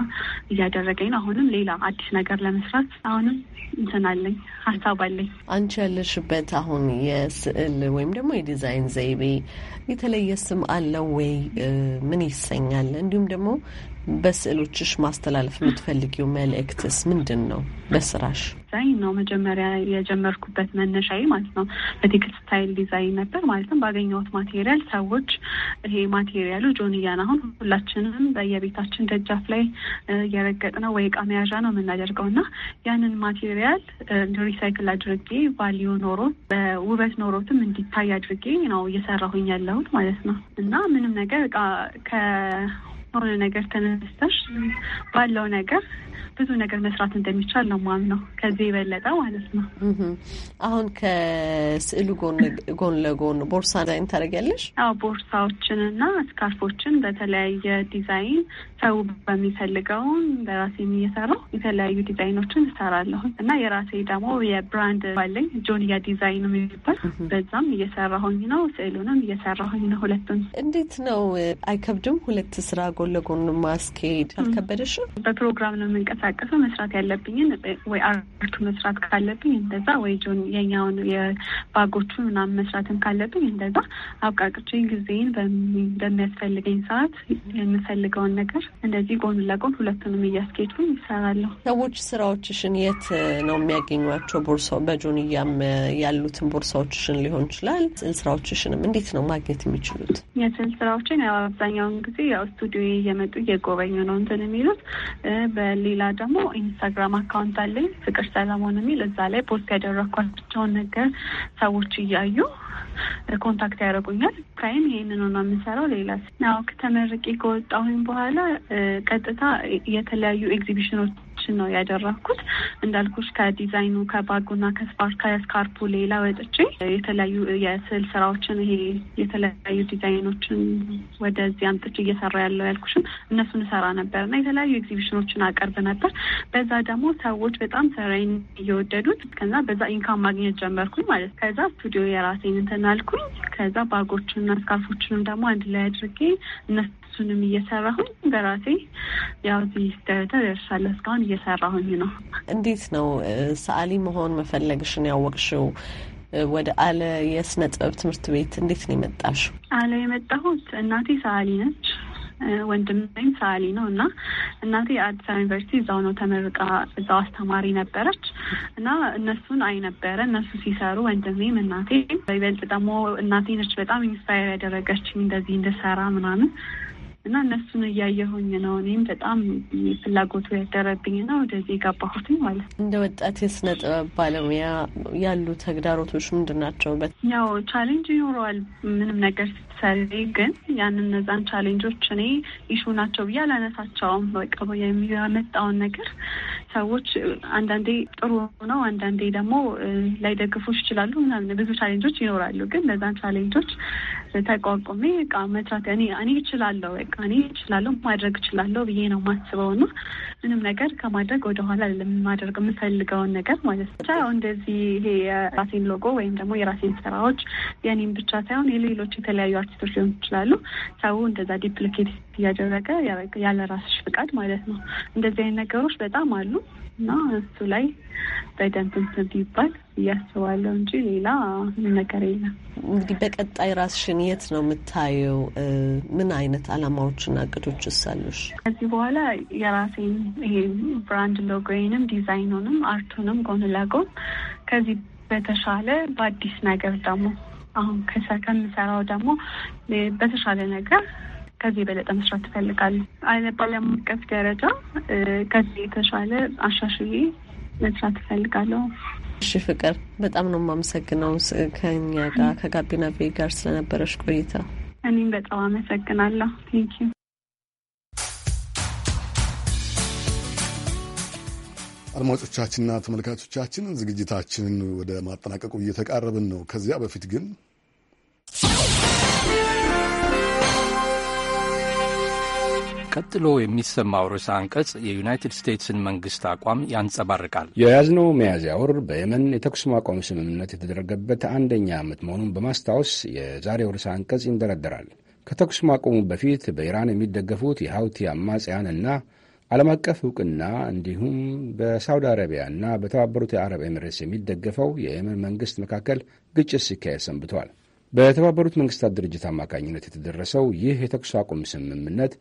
እያደረገኝ ነው። አሁንም ሌላ አዲስ ነገር ለመስራት አሁንም እንትናለኝ ሀሳብ አለኝ። አንቺ ያለሽበት አሁን የስዕል ወይም ደግሞ የዲዛይን ዘይቤ የተለየ ስም አለው ወይ? ምን ይሰኛል? እንዲሁም ደግሞ በስዕሎችሽ ማስተላለፍ የምትፈልጊው መልእክትስ ምንድን ነው? በስራሽ ዲዛይን ነው መጀመሪያ የጀመርኩበት መነሻዬ ማለት ነው። በቴክስታይል ዲዛይን ነበር ማለትም ባገኘሁት ማቴሪያል ሰዎች ይሄ ማቴሪያሉ ጆንያን አሁን ሁላችንም በየቤታችን ደጃፍ ላይ እየረገጥ ነው ወይ እቃ መያዣ ነው የምናደርገው እና ያንን ማቴሪያል ሪሳይክል አድርጌ ቫሊዩ ኖሮት በውበት ኖሮትም እንዲታይ አድርጌ ነው እየሰራሁኝ ያለሁት ማለት ነው እና ምንም ነገር እቃ በሆነ ነገር ተነስተሽ ባለው ነገር ብዙ ነገር መስራት እንደሚቻል ነው ማም ነው ከዚህ የበለጠ ማለት ነው። አሁን ከስዕሉ ጎን ለጎን ቦርሳ ዲዛይን ታደርጊያለሽ? አዎ ቦርሳዎችን እና ስካርፎችን በተለያየ ዲዛይን ሰው በሚፈልገውን በራሴ የሚሰራው የተለያዩ ዲዛይኖችን እሰራለሁ እና የራሴ ደግሞ የብራንድ ባለኝ ጆንያ ዲዛይን የሚባል በዛም እየሰራሁኝ ነው። ስዕሉንም እየሰራሁኝ ነው። ሁለቱን እንዴት ነው አይከብድም? ሁለት ስራ ጎን ለጎን ማስኬድ አልከበደሽም? በፕሮግራም ነው የምንቀሳቀሰው። መስራት ያለብኝን ወይ አርቱ መስራት ካለብኝ እንደዛ፣ ወይ ጆን የኛውን የባጎቹ ምናምን መስራትን ካለብኝ እንደዛ አብቃቅቼ ጊዜን በሚያስፈልገኝ ሰዓት የምፈልገውን ነገር እንደዚህ ጎን ለጎን ሁለቱንም እያስኬድኩኝ ይሰራለሁ። ሰዎች ስራዎችሽን የት ነው የሚያገኟቸው? ቦርሳ እያም ያሉትን ቦርሳዎችሽን ሊሆን ይችላል ስራዎችሽንም እንዴት ነው ማግኘት የሚችሉት? የስዕል ስራዎችን ያው አብዛኛውን ጊዜ ያው ስቱዲዮ ጊዜ እየመጡ እየጎበኙ ነው እንትን የሚሉት። በሌላ ደግሞ ኢንስታግራም አካውንት አለኝ ፍቅር ሰለሞን የሚል እዛ ላይ ፖስት ያደረኳቸውን ነገር ሰዎች እያዩ ኮንታክት ያደረጉኛል። ስራዬም ይህንኑ ነው የምንሰራው። ሌላ ናው ተመርቄ ከወጣሁኝ በኋላ ቀጥታ የተለያዩ ኤግዚቢሽኖች ስራዎችን ነው ያደረኩት። እንዳልኩሽ ከዲዛይኑ ከባጉና ከስፓርካ ከስካርፑ ሌላ ወጥቼ የተለያዩ የስዕል ስራዎችን ይሄ የተለያዩ ዲዛይኖችን ወደዚህ አምጥቼ እየሰራ ያለው ያልኩሽም እነሱን እሰራ ነበር እና የተለያዩ ኤግዚቢሽኖችን አቀርብ ነበር። በዛ ደግሞ ሰዎች በጣም ስራዬን እየወደዱት ከዛ በዛ ኢንካም ማግኘት ጀመርኩኝ ማለት ከዛ ስቱዲዮ የራሴን እንትን አልኩኝ። ከዛ ባጎችንና ስካርፎችንም ደግሞ አንድ ላይ አድርጌ እነሱ እሱንም እየሰራሁኝ በራሴ ያው እዚህ ደረጃ ደርሻለሁ። እስካሁን እየሰራሁኝ ነው። እንዴት ነው ሰዓሊ መሆን መፈለግሽን ያወቅሽው? ወደ አለ የስነ ጥበብ ትምህርት ቤት እንዴት ነው የመጣሽው? አለ የመጣሁት እናቴ ሰዓሊ ነች፣ ወንድሜም ሰዓሊ ነው እና እናቴ የአዲስ አበባ ዩኒቨርሲቲ እዛው ነው ተመርቃ እዛው አስተማሪ ነበረች እና እነሱን አይ ነበረ እነሱ ሲሰሩ ወንድሜም እናቴ ይበልጥ ደግሞ እናቴ ነች በጣም ኢንስፓየር ያደረገችኝ እንደዚህ እንደሰራ ምናምን እና እነሱን እያየሁኝ ነው እኔም በጣም ፍላጎቱ ያደረብኝ ና ወደዚህ የጋባሁትኝ ማለት ነው። እንደ ወጣት የስነ ጥበብ ባለሙያ ያሉ ተግዳሮቶች ምንድን ናቸው? ያው ቻሌንጅ ይኖረዋል ምንም ነገር ስትሰሪ፣ ግን ያንን እነዛን ቻሌንጆች እኔ ኢሹ ናቸው ብዬ አላነሳቸውም። በቃ የሚያመጣውን ነገር ሰዎች አንዳንዴ ጥሩ ነው፣ አንዳንዴ ደግሞ ላይደግፉ ይችላሉ ምናምን ብዙ ቻሌንጆች ይኖራሉ። ግን እነዛን ቻሌንጆች ተቋቁሜ እቃ መስራት እኔ እኔ እችላለሁ በቃ እኔ እችላለሁ ማድረግ እችላለሁ ብዬ ነው የማስበው እና ምንም ነገር ከማድረግ ወደኋላ ለማድረግ የምፈልገውን ነገር ማለት ብቻ እንደዚህ ይሄ የራሴን ሎጎ ወይም ደግሞ የራሴን ስራዎች የኔም ብቻ ሳይሆን የሌሎች የተለያዩ አርቲስቶች ሊሆኑ ይችላሉ። ሰው እንደዛ ዲፕሊኬት እያደረገ ያለ ራስሽ ፍቃድ ማለት ነው። እንደዚህ አይነት ነገሮች በጣም አሉ። እና እሱ ላይ በደንብ እንትን ቢባል እያስባለሁ እንጂ ሌላ ነገር የለም። እንግዲህ በቀጣይ ራስሽን የት ነው የምታየው? ምን አይነት አላማዎችና እቅዶች እሳሉሽ? ከዚህ በኋላ የራሴን ይሄ ብራንድ ሎጎይንም ዲዛይኑንም አርቱንም ጎን ለጎን ከዚህ በተሻለ በአዲስ ነገር ደግሞ አሁን ከምሰራው ደግሞ በተሻለ ነገር ከዚህ የበለጠ መስራት ትፈልጋለሁ። በዓለም አቀፍ ደረጃ ከዚህ የተሻለ አሻሽዬ መስራት ትፈልጋለሁ። እሺ ፍቅር፣ በጣም ነው የማመሰግነው ከኛ ጋር ከጋቢና ቤ ጋር ስለነበረች ቆይታ። እኔም በጣም አመሰግናለሁ። ቴንኪዩ። አድማጮቻችንና ተመልካቾቻችን ዝግጅታችንን ወደ ማጠናቀቁ እየተቃረብን ነው። ከዚያ በፊት ግን ቀጥሎ የሚሰማው ርዕሰ አንቀጽ የዩናይትድ ስቴትስን መንግስት አቋም ያንጸባርቃል። የያዝነው ሚያዝያ ወር በየመን የተኩስ ማቆም ስምምነት የተደረገበት አንደኛ ዓመት መሆኑን በማስታወስ የዛሬው ርዕሰ አንቀጽ ይንደረደራል። ከተኩስ ማቆሙ በፊት በኢራን የሚደገፉት የሀውቲ አማጽያን እና ዓለም አቀፍ እውቅና እንዲሁም በሳውዲ አረቢያ በተባበሩት የአረብ ኤምሬትስ የሚደገፈው የየመን መንግስት መካከል ግጭት ሲካሄድ ሰንብቷል። በተባበሩት መንግስታት ድርጅት አማካኝነት የተደረሰው ይህ የተኩስ አቁም ስምምነት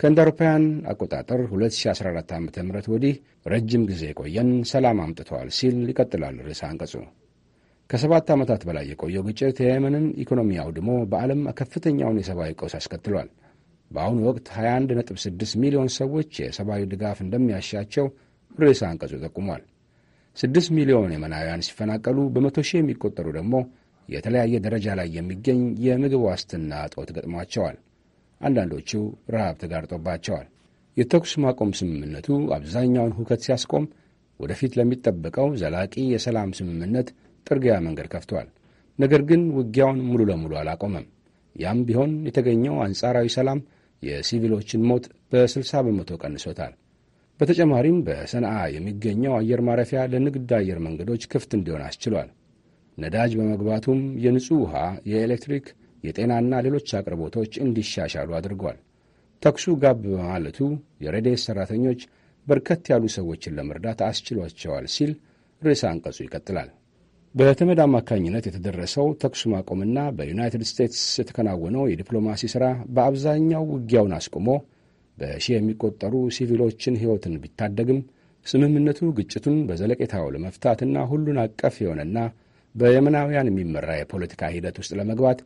ከእንደ አውሮፓውያን አቆጣጠር 2014 ዓ ም ወዲህ ረጅም ጊዜ የቆየን ሰላም አምጥተዋል ሲል ይቀጥላል ርዕሰ አንቀጹ። ከሰባት ዓመታት በላይ የቆየው ግጭት የየመንን ኢኮኖሚ አውድሞ በዓለም ከፍተኛውን የሰብአዊ ቀውስ አስከትሏል። በአሁኑ ወቅት 21.6 ሚሊዮን ሰዎች የሰብአዊ ድጋፍ እንደሚያሻቸው ርዕሰ አንቀጹ ጠቁሟል። 6 ሚሊዮን የመናውያን ሲፈናቀሉ በመቶ ሺህ የሚቆጠሩ ደግሞ የተለያየ ደረጃ ላይ የሚገኝ የምግብ ዋስትና እጦት ገጥሟቸዋል። አንዳንዶቹ ረሃብ ተጋርጦባቸዋል። የተኩስ ማቆም ስምምነቱ አብዛኛውን ሁከት ሲያስቆም ወደፊት ለሚጠበቀው ዘላቂ የሰላም ስምምነት ጥርጊያ መንገድ ከፍቷል። ነገር ግን ውጊያውን ሙሉ ለሙሉ አላቆመም። ያም ቢሆን የተገኘው አንጻራዊ ሰላም የሲቪሎችን ሞት በ60 በመቶ ቀንሶታል። በተጨማሪም በሰንዓ የሚገኘው አየር ማረፊያ ለንግድ አየር መንገዶች ክፍት እንዲሆን አስችሏል። ነዳጅ በመግባቱም የንጹህ ውሃ፣ የኤሌክትሪክ የጤናና ሌሎች አቅርቦቶች እንዲሻሻሉ አድርጓል። ተኩሱ ጋብ በማለቱ የረድኤት ሠራተኞች በርከት ያሉ ሰዎችን ለመርዳት አስችሏቸዋል ሲል ርዕሰ አንቀጹ ይቀጥላል። በተመድ አማካኝነት የተደረሰው ተኩሱ ማቆምና በዩናይትድ ስቴትስ የተከናወነው የዲፕሎማሲ ሥራ በአብዛኛው ውጊያውን አስቆሞ በሺ የሚቆጠሩ ሲቪሎችን ሕይወትን ቢታደግም ስምምነቱ ግጭቱን በዘለቄታው ለመፍታትና ሁሉን አቀፍ የሆነና በየመናውያን የሚመራ የፖለቲካ ሂደት ውስጥ ለመግባት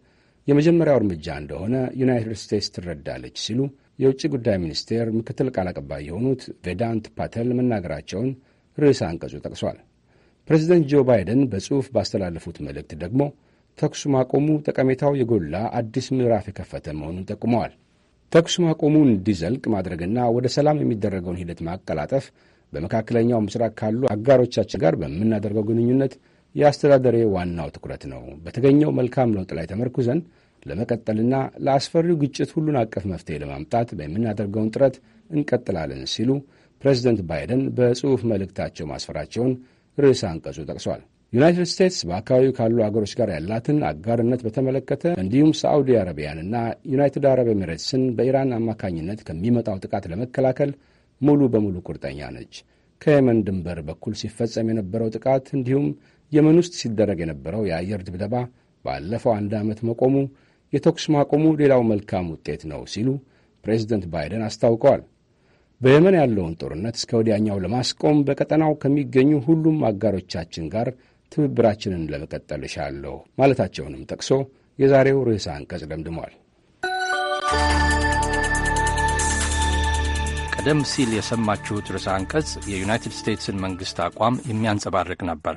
የመጀመሪያው እርምጃ እንደሆነ ዩናይትድ ስቴትስ ትረዳለች ሲሉ የውጭ ጉዳይ ሚኒስቴር ምክትል ቃል አቀባይ የሆኑት ቬዳንት ፓተል መናገራቸውን ርዕሰ አንቀጹ ጠቅሷል። ፕሬዚደንት ጆ ባይደን በጽሑፍ ባስተላለፉት መልእክት ደግሞ ተኩስ ማቆሙ ጠቀሜታው የጎላ አዲስ ምዕራፍ የከፈተ መሆኑን ጠቁመዋል። ተኩስ ማቆሙ እንዲዘልቅ ማድረግና ወደ ሰላም የሚደረገውን ሂደት ማቀላጠፍ በመካከለኛው ምስራቅ ካሉ አጋሮቻችን ጋር በምናደርገው ግንኙነት የአስተዳደሬ ዋናው ትኩረት ነው። በተገኘው መልካም ለውጥ ላይ ተመርኩዘን ለመቀጠልና ለአስፈሪው ግጭት ሁሉን አቀፍ መፍትሄ ለማምጣት በምናደርገውን ጥረት እንቀጥላለን ሲሉ ፕሬዚደንት ባይደን በጽሑፍ መልእክታቸው ማስፈራቸውን ርዕሰ አንቀጹ ጠቅሷል። ዩናይትድ ስቴትስ በአካባቢው ካሉ አገሮች ጋር ያላትን አጋርነት በተመለከተ እንዲሁም ሳዑዲ አረቢያንና ዩናይትድ አረብ ኤሚሬትስን በኢራን አማካኝነት ከሚመጣው ጥቃት ለመከላከል ሙሉ በሙሉ ቁርጠኛ ነች። ከየመን ድንበር በኩል ሲፈጸም የነበረው ጥቃት እንዲሁም የመን ውስጥ ሲደረግ የነበረው የአየር ድብደባ ባለፈው አንድ ዓመት መቆሙ የተኩስ ማቆሙ ሌላው መልካም ውጤት ነው ሲሉ ፕሬዚደንት ባይደን አስታውቀዋል። በየመን ያለውን ጦርነት እስከ ወዲያኛው ለማስቆም በቀጠናው ከሚገኙ ሁሉም አጋሮቻችን ጋር ትብብራችንን ለመቀጠል እሻለሁ ማለታቸውንም ጠቅሶ የዛሬው ርዕሰ አንቀጽ ደምድሟል። ቀደም ሲል የሰማችሁት ርዕሰ አንቀጽ የዩናይትድ ስቴትስን መንግሥት አቋም የሚያንጸባርቅ ነበር።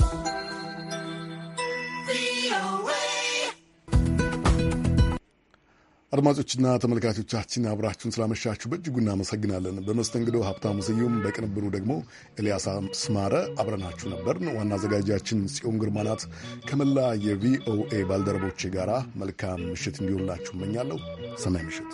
አድማጮችና ተመልካቾቻችን አብራችሁን ስላመሻችሁ በእጅጉ እናመሰግናለን። በመስተንግዶ ሀብታሙ ስዩም፣ በቅንብሩ ደግሞ ኤልያስ ስማረ አብረናችሁ ነበርን። ዋና አዘጋጃችን ጽዮን ግርማ ናት። ከመላ የቪኦኤ ባልደረቦች ጋራ መልካም ምሽት እንዲሆንላችሁ እመኛለሁ። ሰናይ ምሽት